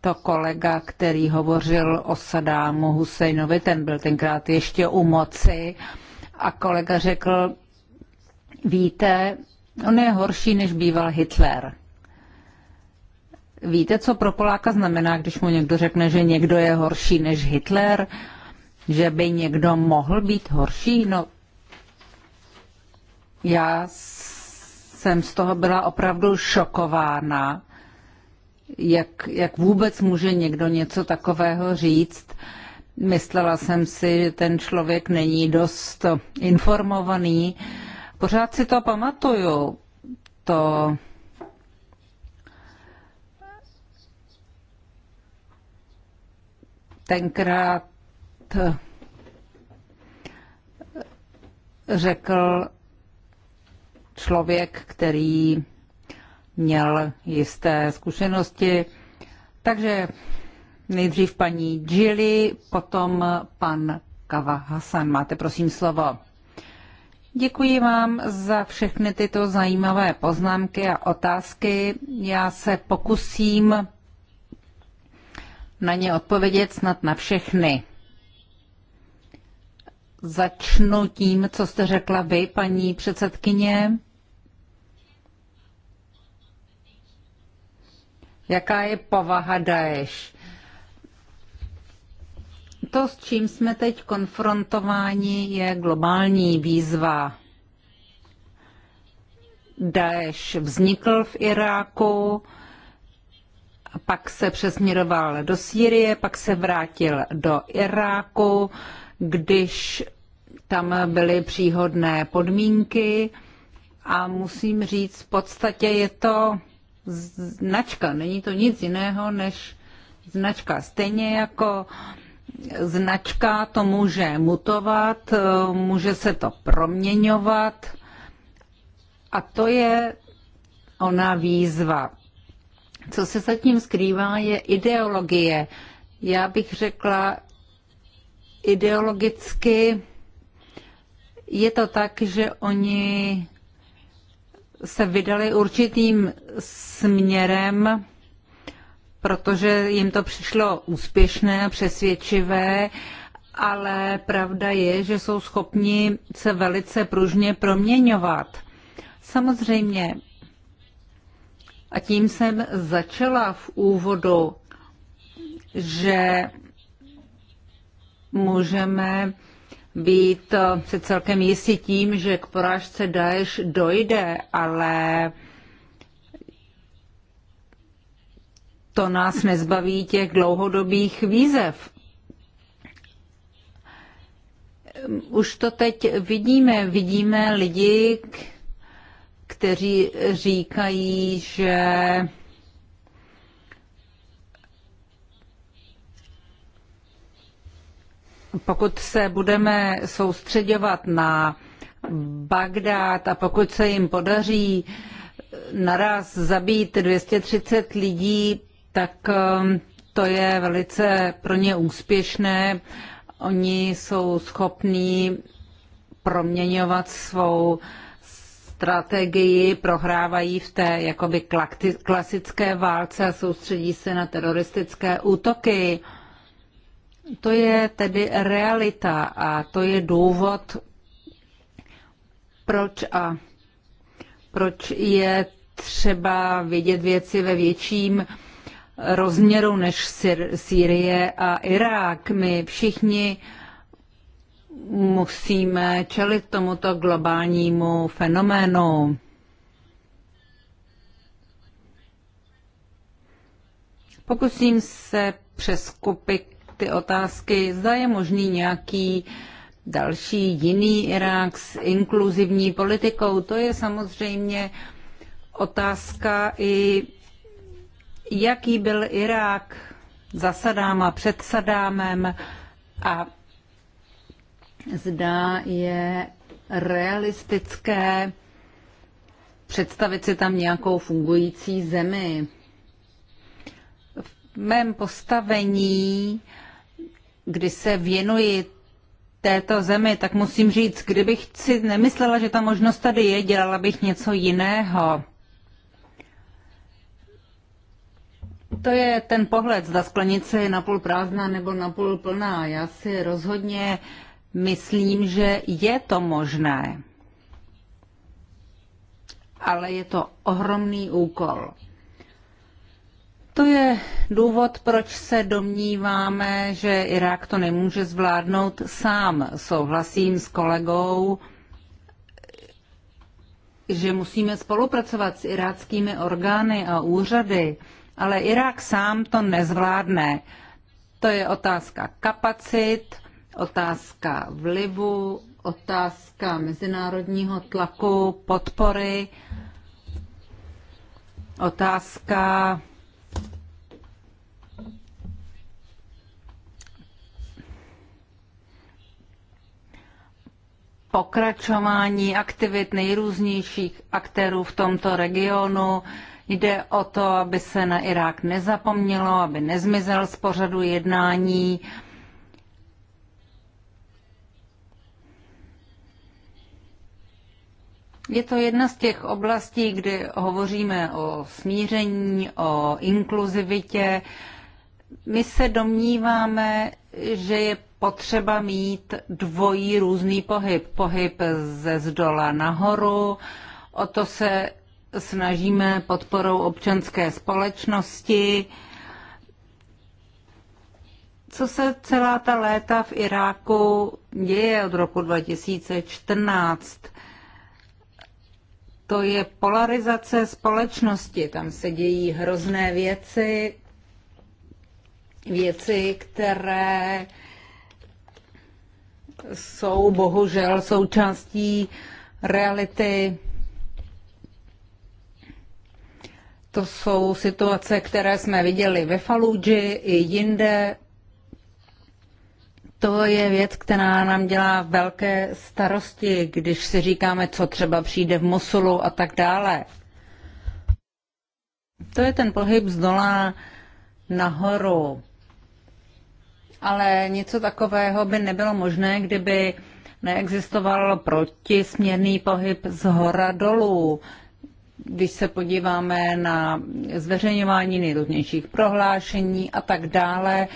S1: to kolega, který hovořil o Sadámu Husejnovi, ten byl tenkrát ještě u moci. Uh, a kolega řekl, víte, on je horší, než býval Hitler. Víte, co pro Poláka znamená, když mu někdo řekne, že někdo je horší než Hitler? Že by někdo mohl být horší? No, já jsem z toho byla opravdu šokována, jak, jak vůbec může někdo něco takového říct. Myslela jsem si, že ten člověk není dost informovaný. Pořád si to pamatuju. To tenkrát řekl člověk, který měl jisté zkušenosti. Takže Nejdřív paní Gili, potom pan Kava Hasan. Máte prosím slovo. Děkuji vám za všechny tyto zajímavé poznámky a otázky. Já se pokusím na ně odpovědět snad na všechny. Začnu tím, co jste řekla vy, paní předsedkyně. Jaká je povaha Daesh? To, s čím jsme teď konfrontováni, je globální výzva. Daesh vznikl v Iráku, pak se přesměroval do Sýrie, pak se vrátil do Iráku, když tam byly příhodné podmínky a musím říct, v podstatě je to značka, není to nic jiného než značka. Stejně jako uh, značka, to může mutovat, eh, může se to proměňovat a to je ona výzva. Co se zatím skrývá, je ideologie. Já bych řekla, ideologicky je to tak, že oni se vydali určitým směrem, protože jim to přišlo úspěšné a přesvědčivé, ale pravda je, že jsou schopni se velice pružně proměňovat. Samozřejmě, a tím jsem začala v úvodu, že můžeme být se celkem jistí tím, že k porážce Daesh dojde, ale to nás nezbaví těch dlouhodobých výzev. Už to teď vidíme. Vidíme lidi, kteří říkají, že pokud se budeme soustředovat na Bagdád a pokud se jim podaří naraz zabít 230 lidí, tak ehm, to je velice pro ně úspěšné. Oni jsou schopní proměňovat svou strategii, prohrávají v té jakoby klasické válce a soustředí se na teroristické útoky. To je tedy realita a to je důvod, proč a proč je třeba vidět věci ve větším rozměru než Sýrie a Irák. My všichni musíme čelit tomuto globálnímu fenoménu. Pokusím se přeskupit ty otázky, zda je možný nějaký další jiný Irák s inkluzivní politikou. To je samozřejmě otázka i jaký byl Irák za Sadáma, před Sadámem a zda je realistické představit si tam nějakou fungující zemi. V mém postavení, kdy se věnuji této zemi, tak musím říct, kdybych si nemyslela, že ta možnost tady je, dělala bych něco jiného. To je ten pohled, zda sklenice je napůl prázdná nebo napůl plná. Já si rozhodně myslím, že je to možné. Ale je to ohromný úkol. To je důvod, proč se domníváme, že Irák to nemůže zvládnout sám. Souhlasím s kolegou, že musíme spolupracovat s iráckými orgány a úřady ale Irák sám to nezvládne. To je otázka kapacit, otázka vlivu, otázka mezinárodního tlaku, podpory, otázka pokračování aktivit nejrůznějších aktérů v tomto regionu, Jde o to, aby se na Irák nezapomnělo, aby nezmizel z pořadu jednání. Je to jedna z těch oblastí, kdy hovoříme o smíření, o inkluzivitě. My se domníváme, že je potřeba mít dvojí různý pohyb. Pohyb ze zdola nahoru, o to se snažíme podporou občanské společnosti. Co se celá ta léta v Iráku děje od roku 2014? To je polarizace společnosti. Tam se dějí hrozné věci, věci, které jsou bohužel součástí reality To jsou situace, které jsme viděli ve Faluji i jinde. To je věc, která nám dělá velké starosti, když si říkáme, co třeba přijde v Mosulu a tak dále. To je ten pohyb z dola nahoru. Ale něco takového by nebylo možné, kdyby neexistoval protisměrný pohyb z hora dolů když se podíváme na zveřejňování nejrůznějších prohlášení a tak dále,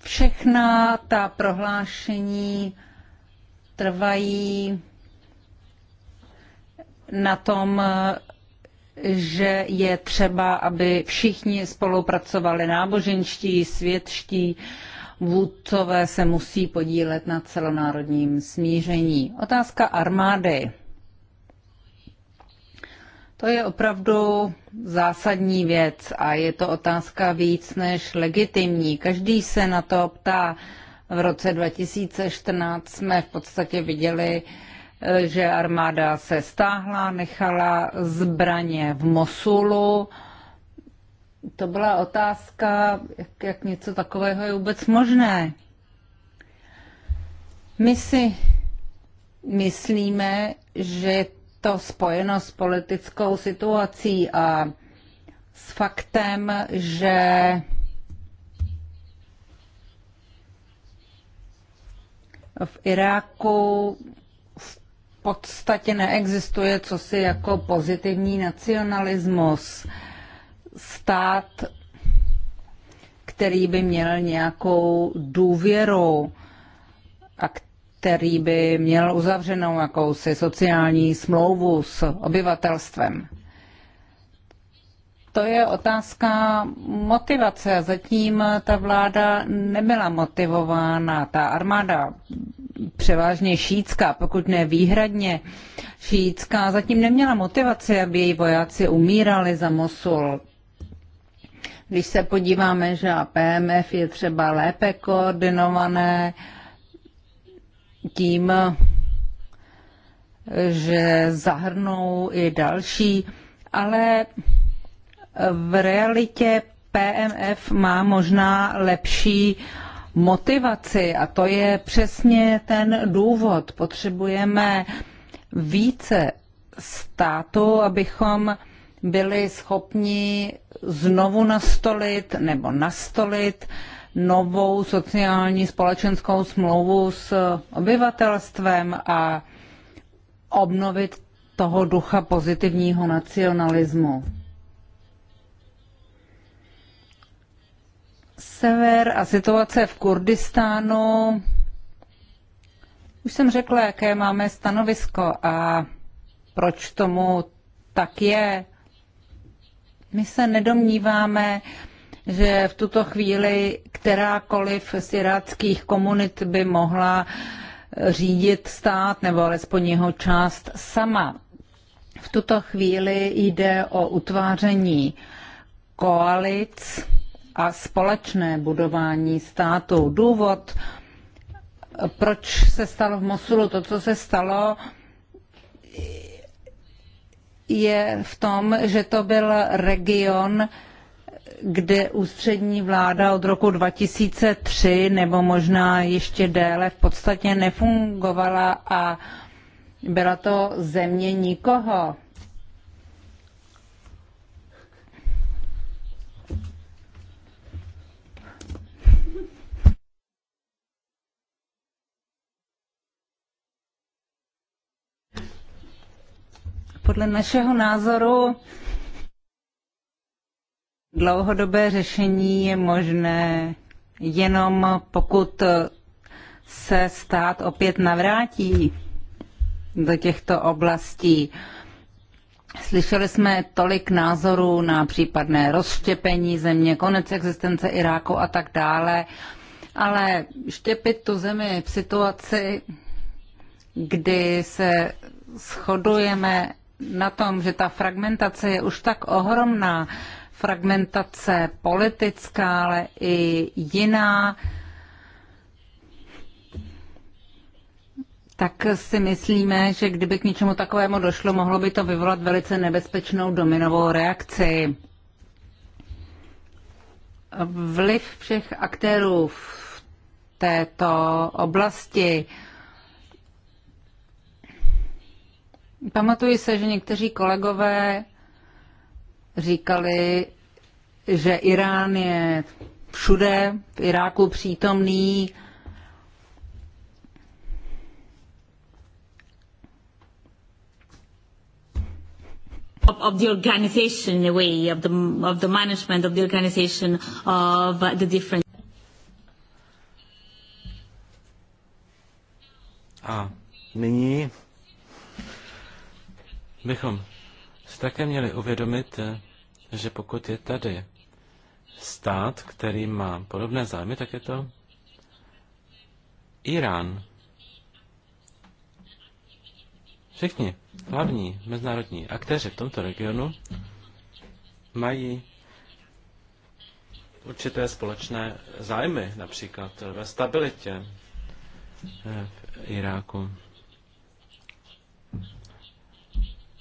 S1: všechna ta prohlášení trvají na tom, že je třeba, aby všichni spolupracovali, náboženští, světští, vůdcové se musí podílet na celonárodním smíření. Otázka armády. To je opravdu zásadní věc a je to otázka víc než legitimní. Každý se na to ptá. V roce 2014 jsme v podstatě viděli, eh, že armáda se stáhla, nechala zbraně v Mosulu. To byla otázka, jak, jak něco takového je vůbec možné. My si myslíme, že to spojeno s politickou situací a s faktem, že v Iráku v podstatě neexistuje cosi jako pozitivní nacionalismus. Stát, který by měl nějakou důvěru a který by měl uzavřenou jakousi sociální smlouvu s obyvatelstvem. To je otázka motivace. Zatím ta vláda nebyla motivována. Ta armáda převážně šítská, pokud ne výhradně šítská, zatím neměla motivaci, aby její vojáci umírali za Mosul. Když se podíváme, že PMF je třeba lépe koordinované, tím, že zahrnou i další, ale v realitě PMF má možná lepší motivaci a to je přesně ten důvod. Potřebujeme více státu, abychom byli schopni znovu nastolit nebo nastolit uh, novou sociální společenskou smlouvu s obyvatelstvem a obnovit toho ducha pozitivního nacionalismu. Sever a situace v Kurdistánu. Už jsem řekla, jaké máme stanovisko a proč tomu tak je. My se nedomníváme, že v tuto chvíli kterákoliv z iráckých komunit by mohla eh, řídit stát nebo alespoň jeho část sama. V tuto chvíli jde o utváření koalic a společné budování státu. Důvod, proč se stalo v Mosulu to, co se stalo, je v tom, že to byl region, kde ústřední vláda od roku 2003 nebo možná ještě déle v podstatě nefungovala a byla to země nikoho. Podle našeho názoru Dlouhodobé řešení je možné jenom pokud se stát opět navrátí do těchto oblastí. Slyšeli jsme tolik názorů na případné rozštěpení země, konec existence Iráku a tak dále, ale štěpit tu zemi v situaci, kdy se shodujeme na tom, že ta fragmentace je už tak ohromná, fragmentace politická, ale i jiná, tak si myslíme, že kdyby k něčemu takovému došlo, mohlo by to vyvolat velice nebezpečnou dominovou reakci. Vliv všech aktérů v této oblasti. Pamatuji se, že někteří kolegové říkali, že Irán je všude v Iráku přítomný. Of, the organization in a way, of the, of the management of the organization of the different.
S2: A nyní bychom si také měli uvědomit, že pokud je tady stát, který má podobné zájmy, tak je to Irán. Všichni hlavní mezinárodní aktéři v tomto regionu mají určité společné zájmy, například ve stabilitě v Iráku.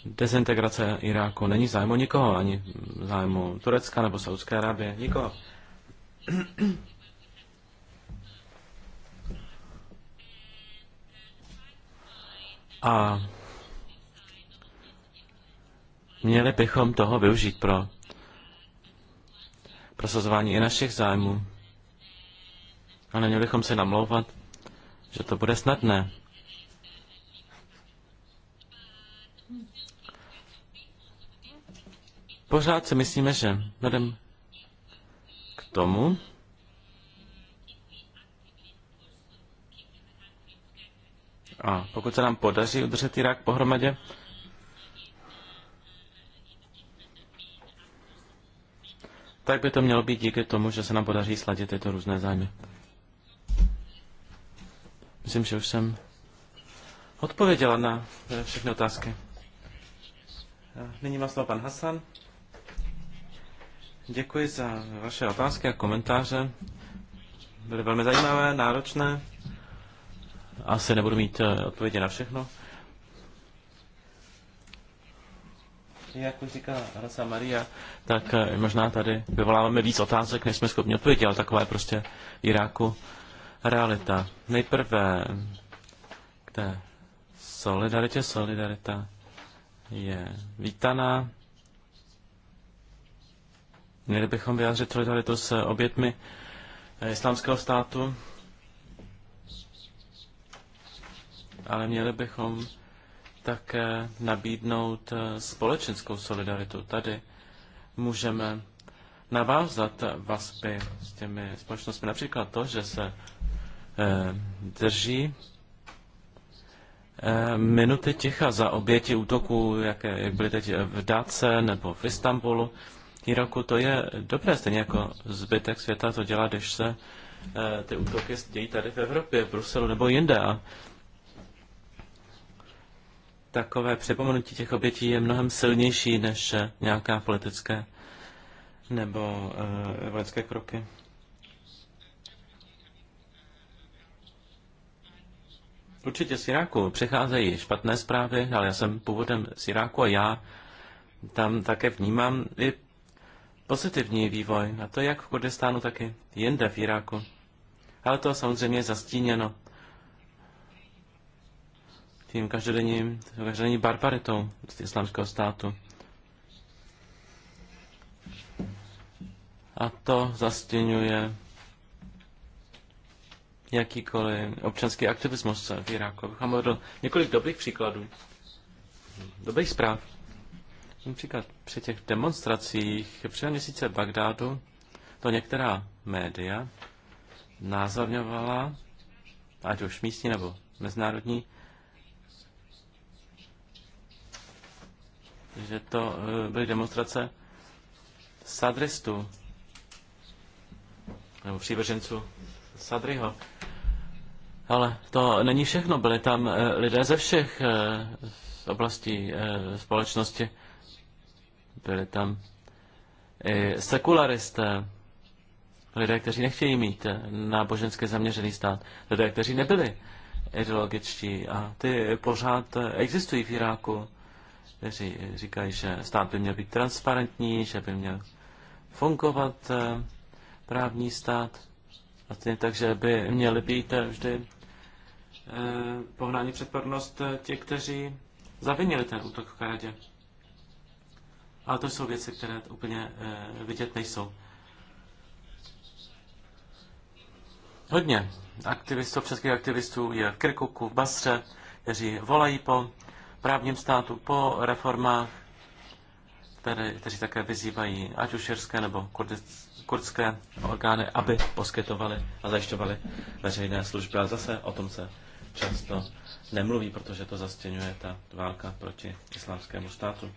S2: Dezintegrace Iráku není zájmu nikoho, ani zájmu Turecka nebo Saudské Arábie, nikoho. A měli bychom toho využít pro prosazování i našich zájmů. A neměli bychom se namlouvat, že to bude snadné. pořád si myslíme, že vedem k tomu, a pokud se nám podaří udržet Irák pohromadě, tak by to mělo být díky tomu, že se nám podaří sladit tyto různé zájmy. Myslím, že už jsem odpověděla na všechny otázky. Nyní má slovo pan Hasan. Děkuji za vaše otázky a komentáře. Byly velmi zajímavé, náročné. Asi nebudu mít eh, odpovědi na všechno. Jak už říká Rosa Maria, tak eh, možná tady vyvoláváme víc otázek, než jsme schopni odpovědět, ale taková je prostě v Iráku realita. Nejprve k té solidaritě. Solidarita je vítaná Měli bychom vyjádřit solidaritu s obětmi eh, islámského státu, ale měli bychom také nabídnout eh, společenskou solidaritu. Tady můžeme navázat vazby s těmi společnostmi. Například to, že se eh, drží minuty ticha za oběti útoků, jak, jak byly teď v Dáce nebo v Istanbulu. Iráku. To je dobré, stejně jako zbytek světa to dělá, když se eh, ty útoky dějí tady v Evropě, v Bruselu nebo jinde. A takové připomenutí těch obětí je mnohem silnější než nějaká politické nebo uh, vojenské kroky. Určitě z Iráku přicházejí špatné zprávy, ale já jsem původem z Iráku a já tam také vnímám i pozitivní vývoj, a to jak v Kurdistánu, tak i jinde v Iráku. Ale to samozřejmě je zastíněno tím každodenním, každodenní barbaritou z islámského státu. A to zastěňuje jakýkoliv občanský aktivismus v Iráku. Abychom několik dobrých příkladů, dobrých zpráv. Například při těch demonstracích při měsíce Bagdádu to některá média názorňovala, ať už místní nebo mezinárodní, že to e, byly demonstrace sadristů nebo přívrženců Sadryho. Ale to není všechno, byli tam e, lidé ze všech e, oblastí společnosti byli tam i sekularisté, lidé, kteří nechtějí mít náboženské zaměřený stát, lidé, kteří nebyli ideologičtí a ty pořád existují v Iráku, kteří říkají, že stát by měl být transparentní, že by měl fungovat eh, právní stát a stejně takže by měly být vždy eh, pohnání předpornost ti, kteří zavinili ten útok v Kanadě. Ale to jsou věci, které úplně eh, vidět nejsou. Hodně aktivistů, českých aktivistů je v Kirkuku, v Basře, kteří volají po právním státu, po reformách, které, kteří také vyzývají ať už širské nebo kurdské orgány, aby poskytovali a zajišťovali veřejné služby. A zase o tom se často nemluví, protože to zastěňuje ta válka proti islámskému státu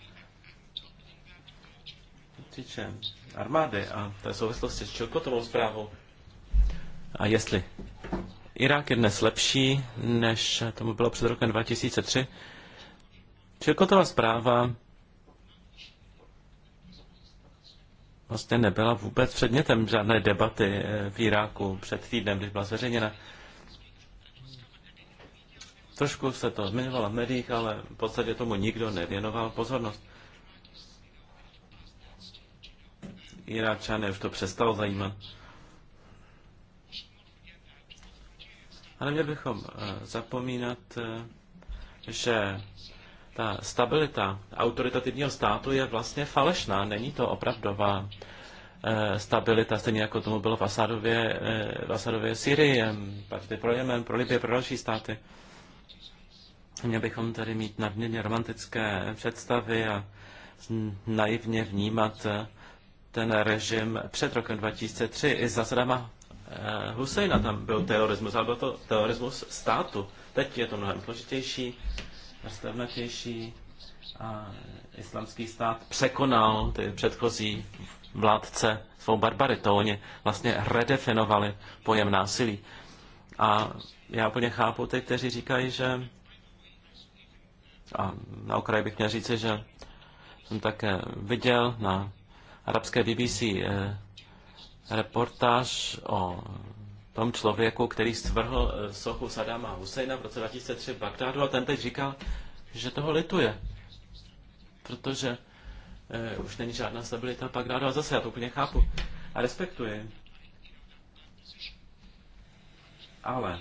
S2: týče armády a té souvislosti s Čilkotovou zprávou, a jestli Irák je dnes lepší, než tomu bylo před rokem 2003, Čilkotová zpráva vlastně nebyla vůbec předmětem žádné debaty eh, v Iráku před týdnem, když byla zveřejněna. Trošku se to zmiňovalo v médiích, ale v podstatě tomu nikdo nevěnoval pozornost. Iráčané už to přestalo zajímat. A neměli bychom eh, zapomínat, eh, že ta stabilita autoritativního státu je vlastně falešná, není to opravdová eh, stabilita, stejně jako tomu bylo v Asadově, v Asadově Syrii, platí pro Jemen, pro Libě, pro další státy. Měli bychom tady mít nadměrně romantické představy a naivně vnímat ten režim před rokem 2003. I za Sadama eh, Husejna tam byl terorismus, ale byl to terorismus státu. Teď je to mnohem složitější, vrstevnatější a islamský stát překonal ty předchozí vládce svou barbaritou. Oni vlastně redefinovali pojem násilí. A já úplně chápu ty, kteří říkají, že a na okraji bych měl říci, že jsem také viděl na arabské BBC eh, reportáž o tom člověku, který stvrhl eh, sochu Sadama Husejna v roce 2003 v Bagdádu a ten teď říkal, že toho lituje, protože eh, už není žádná stabilita v Bagdádu a zase já to úplně chápu a respektuji. Ale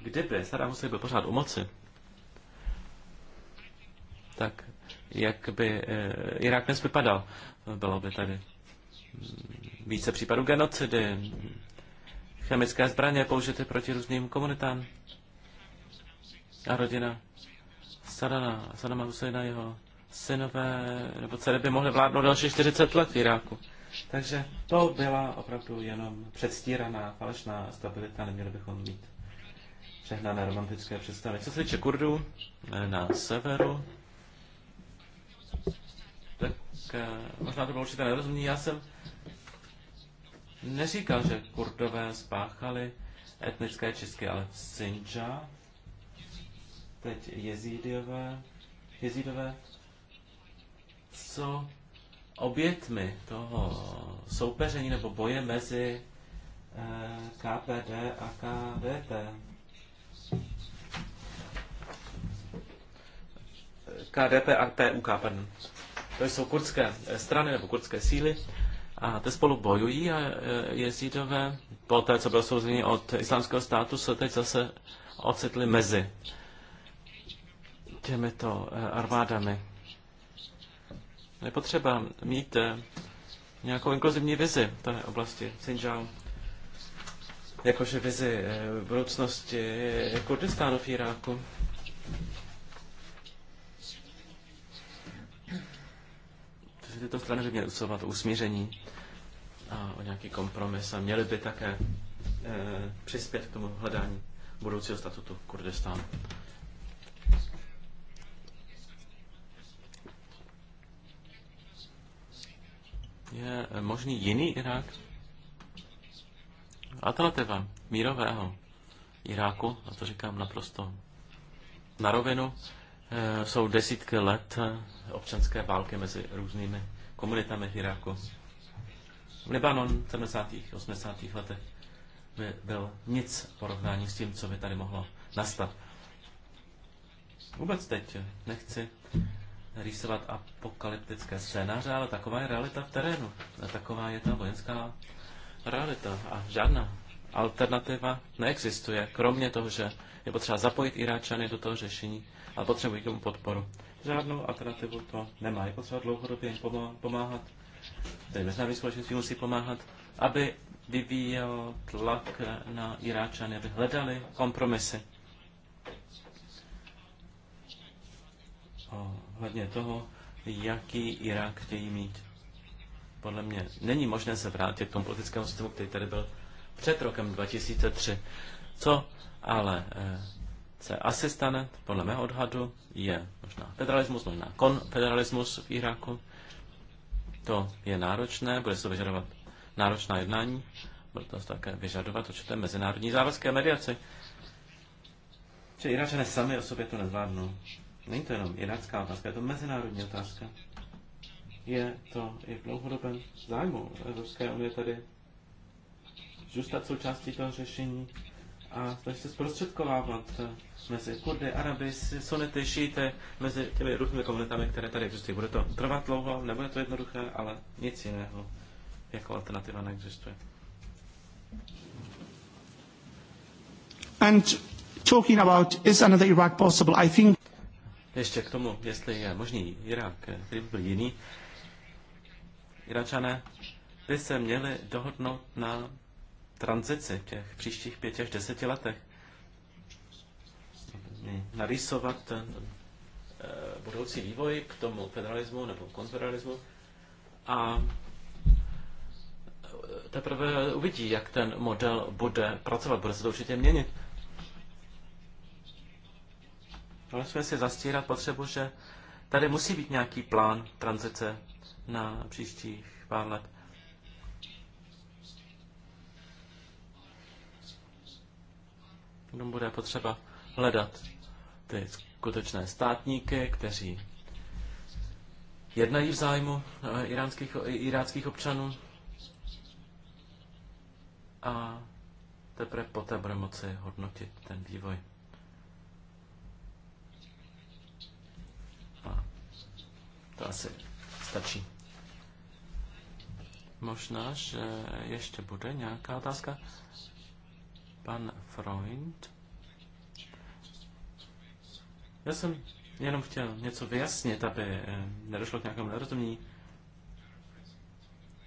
S2: kdyby Saddam Hussein byl pořád u moci, tak jak by eh, Irák dnes vypadal? Bylo by tady více případů genocidy, chemické zbraně použity proti různým komunitám a rodina Sadana, Sadama Husajna, jeho synové nebo dcery by mohly vládnout další 40 let v Iráku. Takže to byla opravdu jenom předstíraná, falešná stabilita, neměli bychom mít přehnané romantické představy. Co se týče Kurdů na severu, tak eh, možná to bylo určitě nerozumí. Já jsem neříkal, že kurdové spáchali etnické čistky, ale Sinja, teď jezídové, jezídové co obětmi toho soupeření nebo boje mezi eh, KPD a KDT. KDP a TUK, pardon. To jsou kurdské strany nebo kurdské síly a ty spolu bojují a e, jezidové po té, co bylo souzeni od islámského státu, se teď zase ocitli mezi těmito e, armádami. Je potřeba mít e, nějakou inkluzivní vizi v té oblasti Xinjiang, jakože vizi budoucnosti Kurdistánu v Iráku. tyto strany by měly usilovat o usmíření a o nějaký kompromis a měly by také e, přispět k tomu hledání budoucího statutu Kurdistánu. Je možný jiný Irák? Alternativa mírového Iráku, a to říkám naprosto na rovinu, Eh, jsou desítky let eh, občanské války mezi různými komunitami v Iráku. Libanon v 70. 80. letech by byl nic v porovnání s tím, co by tady mohlo nastat. Vůbec teď nechci rýsovat apokalyptické scénáře, ale taková je realita v terénu. Taková je ta vojenská realita a žádná alternativa neexistuje, kromě toho, že je potřeba zapojit Iráčany do toho řešení a potřebují k tomu podporu. Žádnou alternativu to nemá. Je potřeba dlouhodobě jim pomáhat, tedy mezinárodní společenství musí pomáhat, aby vyvíjel tlak na Iráčany, aby hledali kompromisy. Hledně toho, jaký Irák chtějí mít. Podle mě není možné se vrátit k tomu politickému systému, který tady byl před rokem 2003. Co ale eh, se asi stane, podle mého odhadu, je možná federalismus, možná konfederalismus v Iráku. To je náročné, bude se vyžadovat náročná jednání, bude to také vyžadovat určité mezinárodní závazky a mediaci. Že Iráčané sami o sobě to nezvládnou. Není to jenom irácká otázka, je to mezinárodní otázka. Je to i v dlouhodobém zájmu Evropské unie tady zůstat součástí toho řešení a snaží se zprostředkovávat eh, mezi Kurdy, Araby, Sunity, Šíty, mezi těmi různými komunitami, které tady existují. Bude to trvat dlouho, nebude to jednoduché, ale nic jiného jako alternativa neexistuje.
S3: And talking about is another Iraq possible, I think...
S2: Ještě k tomu, jestli je možný Irák, eh, který by byl jiný, Iračané by se měli dohodnout na tranzici v těch příštích pěti až deseti letech. Narysovat ten eh, budoucí vývoj k tomu federalismu nebo konfederalismu a eh, teprve uvidí, jak ten model bude pracovat. Bude se to určitě měnit. Ale jsme si zastírat potřebu, že tady musí být nějaký plán tranzice na příštích pár let. Jenom bude potřeba hledat ty skutečné státníky, kteří jednají v zájmu eh, iránských, eh, iráckých občanů a teprve poté bude moci hodnotit ten vývoj. A to asi stačí. Možná, že ještě bude nějaká otázka. Pan Freund. Já jsem jenom chtěl něco vyjasnit, aby eh, nedošlo k nějakému nerozumění.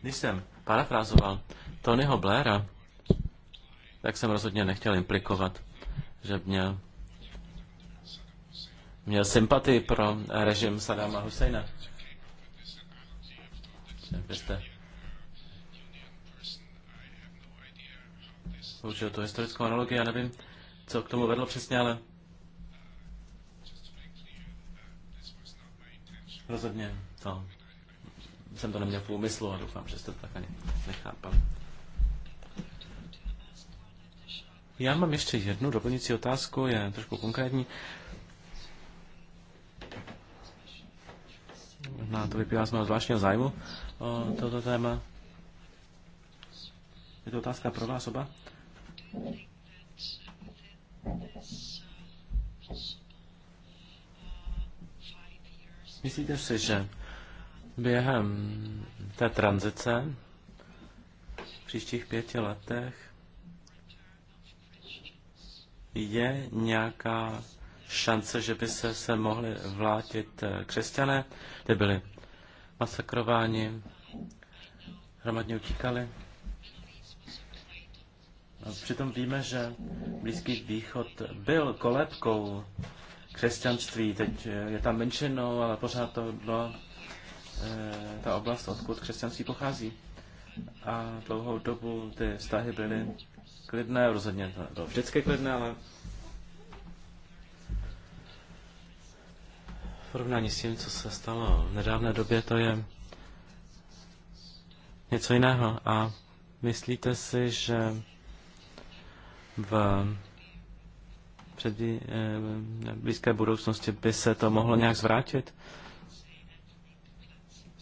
S2: Když jsem parafrázoval Tonyho Blaira, tak jsem rozhodně nechtěl implikovat, že měl, měl sympatii pro režim Sadama Husseina. Vy jste sloužil tu historickou analogii, já nevím, co k tomu vedlo přesně, ale rozhodně to jsem to neměl v úmyslu a doufám, že jste to tak ani nechápal. Já mám ještě jednu doplňující otázku, je trošku konkrétní. Na to vyplývá z mého zvláštního zájmu o toto téma. Je to otázka pro vás oba? Myslíte si, že během té tranzice v příštích pěti letech je nějaká šance, že by se, se mohli vlátit eh, křesťané, kteří byli masakrováni, hromadně utíkali? Přitom víme, že Blízký východ byl kolebkou křesťanství. Teď je tam menšinou, ale pořád to byla eh, ta oblast, odkud křesťanství pochází. A dlouhou dobu ty vztahy byly klidné, rozhodně to bylo vždycky klidné, ale v porovnání s tím, co se stalo v nedávné době, to je něco jiného. A myslíte si, že v před eh, blízké budoucnosti by se to mohlo nějak zvrátit?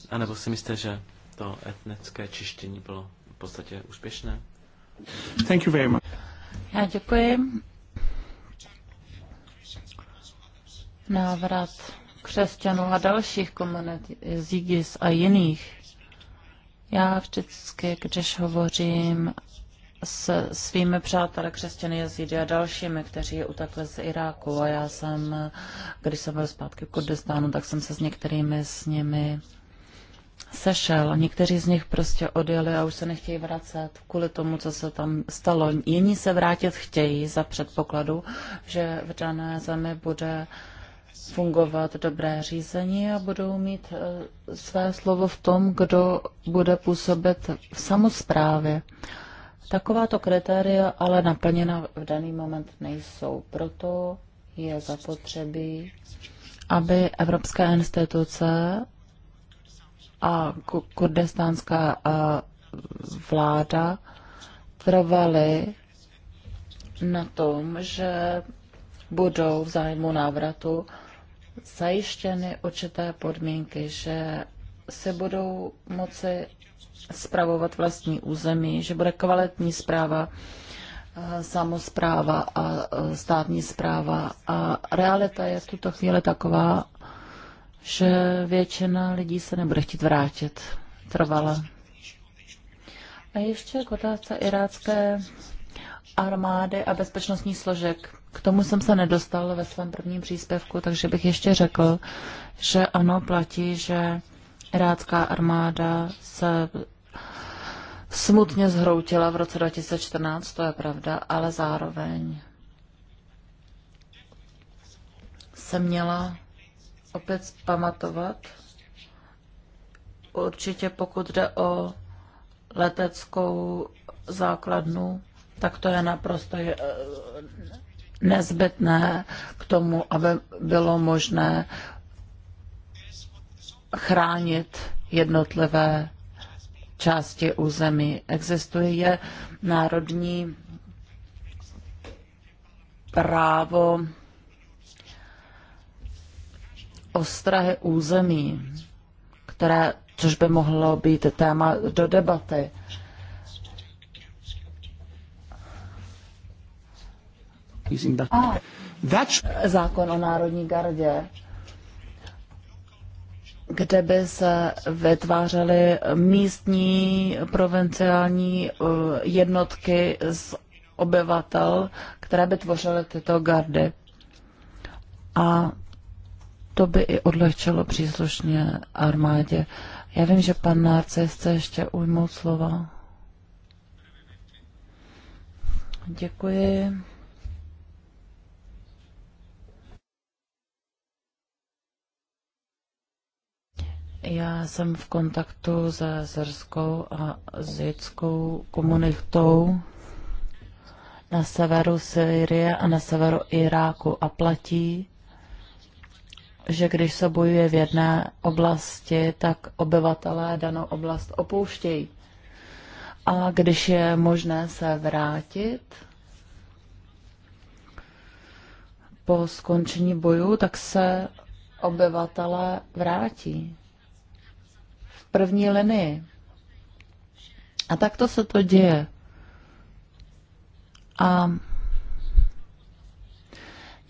S2: A nebo si myslíte, že to etnické čištění bylo v podstatě úspěšné?
S3: Thank you very much. Já děkuji. Návrat křesťanů a dalších komunit Zigis a jiných. Já vždycky, když hovořím se svými přáteli křesťany jezidy a dalšími, kteří utekli z Iráku a já jsem, když jsem byl zpátky v Kurdistánu, tak jsem se s některými s nimi sešel. Někteří z nich prostě odjeli a už se nechtějí vracet kvůli tomu, co se tam stalo. Jiní se vrátit chtějí za předpokladu, že v dané zemi bude fungovat dobré řízení a budou mít eh, své slovo v tom, kdo bude působit v samozprávě. Takováto kritéria ale naplněna v daný moment nejsou. Proto je zapotřebí, aby evropské instituce a kurdistánská eh, vláda trvaly na tom, že budou v zájmu návratu zajištěny určité podmínky, že se budou moci spravovat vlastní území, že bude kvalitní zpráva, eh, samozpráva a eh, státní zpráva. A realita je v tuto chvíli taková, že většina lidí se nebude chtít vrátit trvale. A ještě k otázce irácké armády a bezpečnostních složek. K tomu jsem se nedostal ve svém prvním příspěvku, takže bych ještě řekl, že ano, platí, že Irácká armáda se smutně zhroutila v roce 2014, to je pravda, ale zároveň se měla opět pamatovat. Určitě pokud jde o leteckou základnu, tak to je naprosto eh,
S1: nezbytné
S3: k tomu, aby bylo možné chránit jednotlivé části území. Existuje národní právo ostrahy území, které, což by mohlo být téma do debaty. Zákon o Národní gardě kde by se vytvářely místní provinciální eh, jednotky z obyvatel, které by tvořily tyto gardy. A to by i odlehčilo příslušně armádě. Já vím, že pan Nárce chce ještě ujmout slova. Děkuji. Já jsem v kontaktu se srskou a zjickou komunitou na severu Syrie a na severu Iráku a platí, že když se bojuje v jedné oblasti, tak obyvatelé danou oblast opouštějí. A když je možné se vrátit po skončení bojů, tak se obyvatelé vrátí první linii. A takto se to děje. A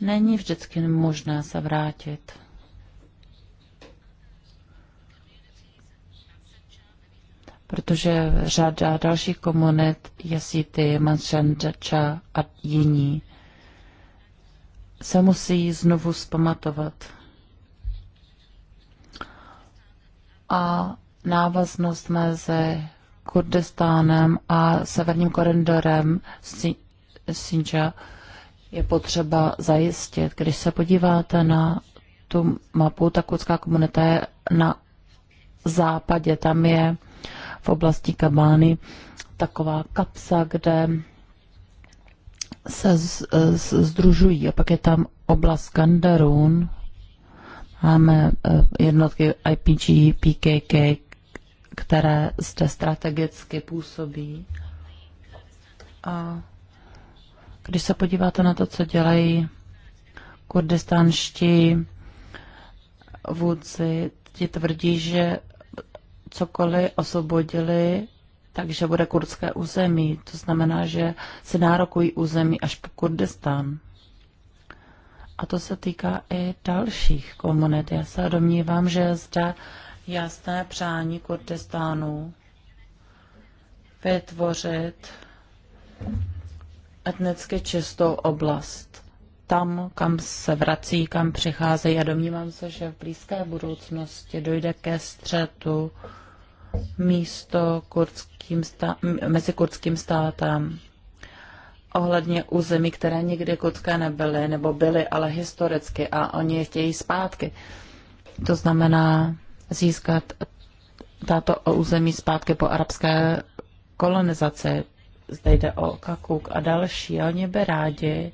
S3: není vždycky možné se vrátit. protože řada dalších komunit, Jasity, Manšandžača a jiní, se musí znovu zpamatovat. A návaznost mezi Kurdistánem a severním koridorem Sinja je potřeba zajistit. Když se podíváte na tu mapu, ta kurdská komunita je na západě. Tam je v oblasti Kabány taková kapsa, kde se z, z, združují. A pak je tam oblast Kandarun. Máme eh, jednotky IPG, PKK, které zde strategicky působí. A když se podíváte na to, co dělají kurdistánští vůdci, ti tvrdí, že cokoliv osvobodili, takže bude kurdské území. To znamená, že si nárokují území až po Kurdistán. A to se týká i dalších komunit. Já se domnívám, že zde jasné přání Kurdistánu vytvořit etnicky čistou oblast. Tam, kam se vrací, kam přicházejí. Já domnívám se, že v blízké budoucnosti dojde ke střetu místo kurdským stá- mezi kurdským státem ohledně území, které nikdy kurdské nebyly, nebo byly, ale historicky a oni je chtějí zpátky. To znamená, získat tato území zpátky po arabské kolonizaci. Zde jde o Kakuk a další. Oni by rádi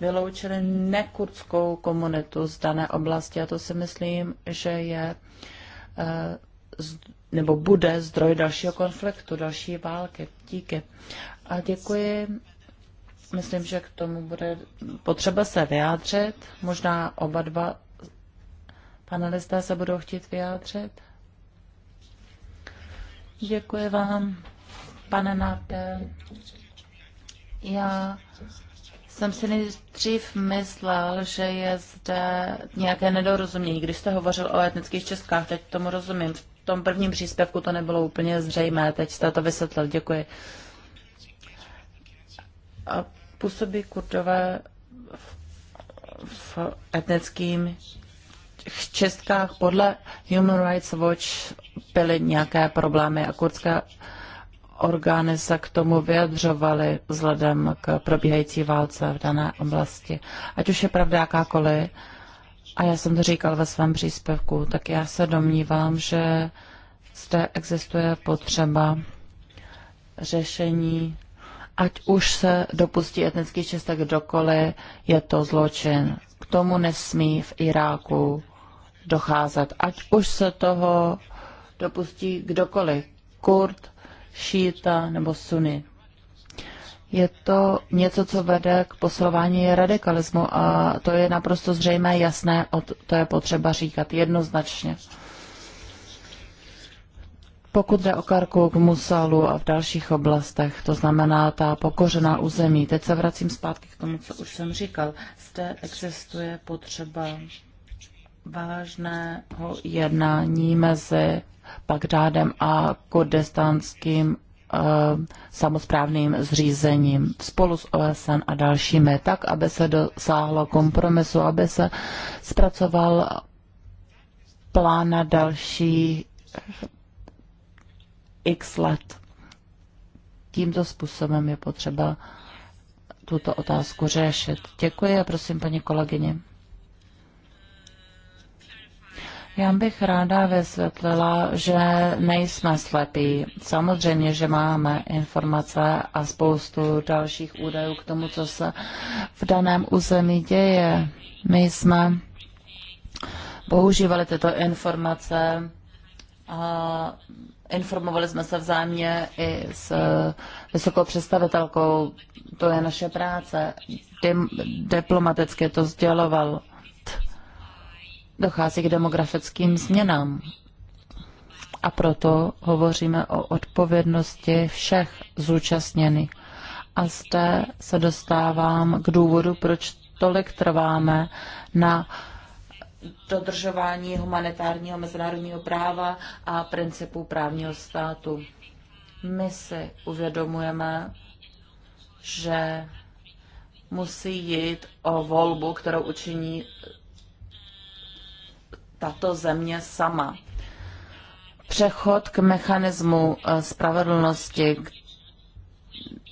S3: vyloučili nekurdskou komunitu z dané oblasti a to si myslím, že je eh, nebo bude zdroj dalšího konfliktu, další války. Díky. A děkuji. Myslím, že k tomu bude potřeba se vyjádřit. Možná oba dva panelisté se budou chtít vyjádřit. Děkuji vám, pane Narte. Já jsem si nejdřív myslel, že je zde nějaké nedorozumění. Když jste hovořil o etnických českách. teď tomu rozumím. V tom prvním příspěvku to nebylo úplně zřejmé, teď jste to vysvětlil, děkuji. A působí kurdové v, v etnickým v čistkách podle Human Rights Watch byly nějaké problémy a kurdské orgány se k tomu vyjadřovaly vzhledem k probíhající válce v dané oblasti. Ať už je pravda jakákoliv, a já jsem to říkal ve svém příspěvku, tak já se domnívám, že zde existuje potřeba řešení, ať už se dopustí etnický čistek kdokoliv, je to zločin. K tomu nesmí v Iráku docházet, ať už se toho dopustí kdokoliv, kurd, šíta nebo suny. Je to něco, co vede k posilování radikalismu a to je naprosto zřejmé, jasné, to je potřeba říkat jednoznačně. Pokud jde o k Musalu a v dalších oblastech, to znamená ta pokořená území, teď se vracím zpátky k tomu, co už jsem říkal, zde existuje potřeba vážného jednání mezi Bagdádem a kurdistánským eh, samozprávným zřízením spolu s OSN a dalšími, tak, aby se dosáhlo kompromisu, aby se zpracoval plán na další x let. Tímto způsobem je potřeba tuto otázku řešit. Děkuji a prosím paní kolegyně. Já bych ráda vysvětlila, že nejsme slepí. Samozřejmě, že máme informace a spoustu dalších údajů k tomu, co se v daném území děje. My jsme používali tyto informace a informovali jsme se vzájemně i s vysokou představitelkou. To je naše práce. Dim, diplomaticky to sděloval dochází k demografickým změnám. A proto hovoříme o odpovědnosti všech zúčastněných. A zde se dostávám k důvodu, proč tolik trváme na dodržování humanitárního mezinárodního práva a principů právního státu. My si uvědomujeme, že musí jít o volbu, kterou učiní tato země sama. Přechod k mechanismu eh, spravedlnosti,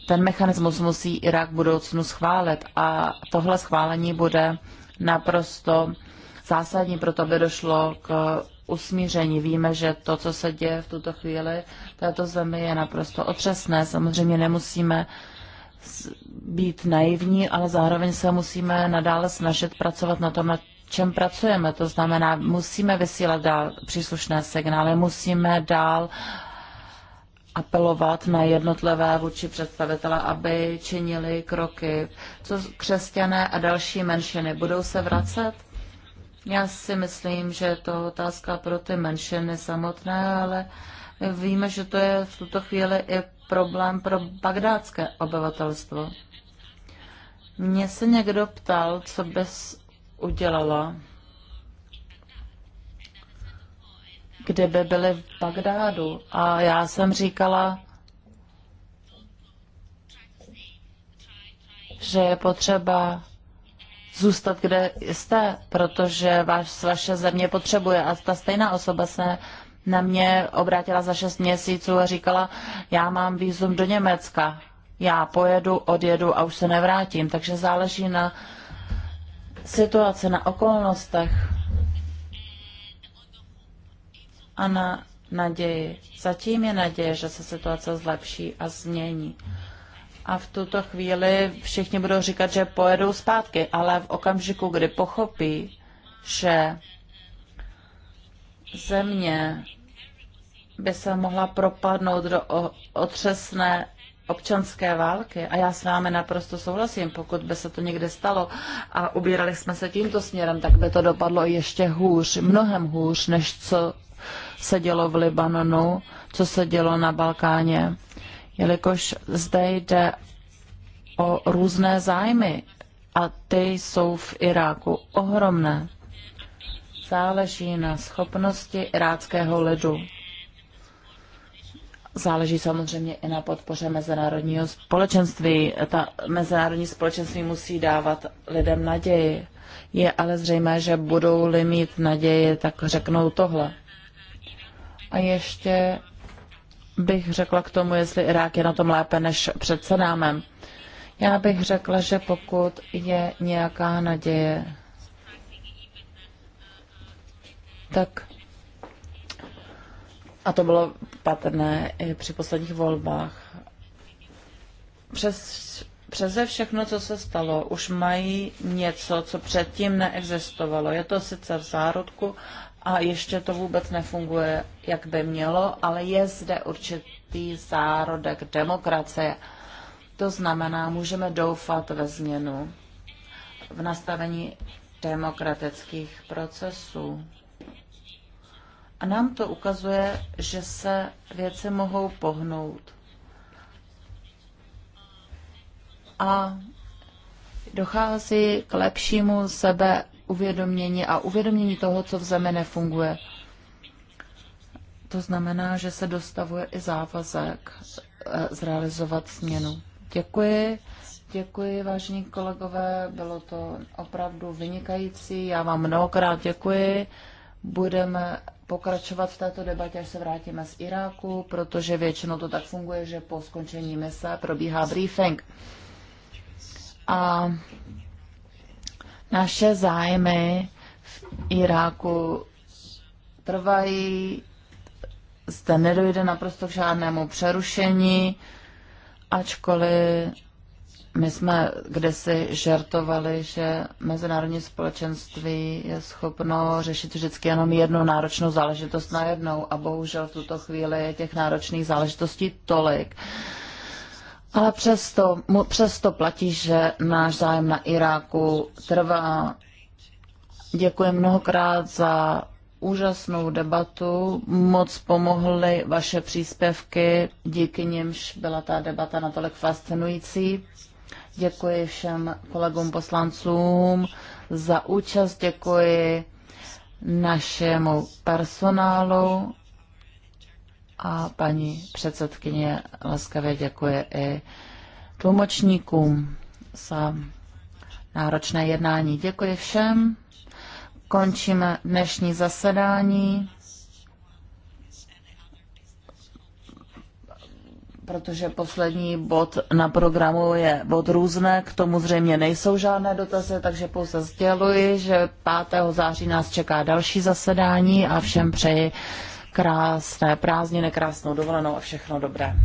S3: ten mechanismus musí Irák v budoucnu schválit a tohle schválení bude naprosto zásadní, proto by došlo k eh, usmíření. Víme, že to, co se děje v tuto chvíli v této zemi, je naprosto otřesné. Samozřejmě nemusíme být naivní, ale zároveň se musíme nadále snažit pracovat na tom, čem pracujeme. To znamená, musíme vysílat dál příslušné signály, musíme dál apelovat na jednotlivé vůči představitele, aby činili kroky. Co křesťané a další menšiny budou se vracet? Já si myslím, že je to otázka pro ty menšiny samotné, ale víme, že to je v tuto chvíli i problém pro bagdátské obyvatelstvo. Mně se někdo ptal, co bys udělala, kdyby byli v Bagdádu. A já jsem říkala, že je potřeba zůstat, kde jste, protože vaš, vaše země potřebuje. A ta stejná osoba se na mě obrátila za šest měsíců a říkala, já mám výzum do Německa, já pojedu, odjedu a už se nevrátím. Takže záleží na Situace na okolnostech a na naději. Zatím je naděje, že se situace zlepší a změní. A v tuto chvíli všichni budou říkat, že pojedou zpátky, ale v okamžiku, kdy pochopí, že země by se mohla propadnout do otřesné občanské války a já s vámi naprosto souhlasím, pokud by se to někde stalo a ubírali jsme se tímto směrem, tak by to dopadlo ještě hůř, mnohem hůř, než co se dělo v Libanonu, co se dělo na Balkáně, jelikož zde jde o různé zájmy a ty jsou v Iráku ohromné. Záleží na schopnosti iráckého lidu Záleží samozřejmě i na podpoře mezinárodního společenství. Ta mezinárodní společenství musí dávat lidem naději. Je ale zřejmé, že budou-li mít naději, tak řeknou tohle. A ještě bych řekla k tomu, jestli Irák je na tom lépe než před Sadámem. Já bych řekla, že pokud je nějaká naděje, tak a to bylo patrné i při posledních volbách. Přes, přeze všechno, co se stalo, už mají něco, co předtím neexistovalo. Je to sice v zárodku a ještě to vůbec nefunguje, jak by mělo, ale je zde určitý zárodek demokracie. To znamená, můžeme doufat ve změnu v nastavení demokratických procesů. A nám to ukazuje, že se věci mohou pohnout. A dochází k lepšímu sebe uvědomění a uvědomění toho, co v zemi nefunguje. To znamená, že se dostavuje i závazek eh, zrealizovat změnu. Děkuji. Děkuji, vážení kolegové, bylo to opravdu vynikající. Já vám mnohokrát děkuji. Budeme pokračovat v této debatě, až se vrátíme z Iráku, protože většinou to tak funguje, že po skončení mise probíhá briefing. A naše zájmy v Iráku trvají, zde nedojde naprosto k žádnému přerušení, ačkoliv my jsme kdysi žertovali, že mezinárodní společenství je schopno řešit vždycky jenom jednu náročnou záležitost najednou a bohužel v tuto chvíli je těch náročných záležitostí tolik. Ale přesto, přesto platí, že náš zájem na Iráku trvá. Děkuji mnohokrát za úžasnou debatu. Moc pomohly vaše příspěvky, díky nimž byla ta debata natolik fascinující. Děkuji všem kolegům poslancům za účast, děkuji našemu personálu a paní předsedkyně laskavě děkuje i tlumočníkům za náročné jednání. Děkuji všem. Končíme dnešní zasedání. protože poslední bod na programu je bod různé, k tomu zřejmě nejsou žádné dotazy, takže pouze sděluji, že 5. září nás čeká další zasedání a všem přeji krásné prázdniny, krásnou dovolenou a všechno dobré.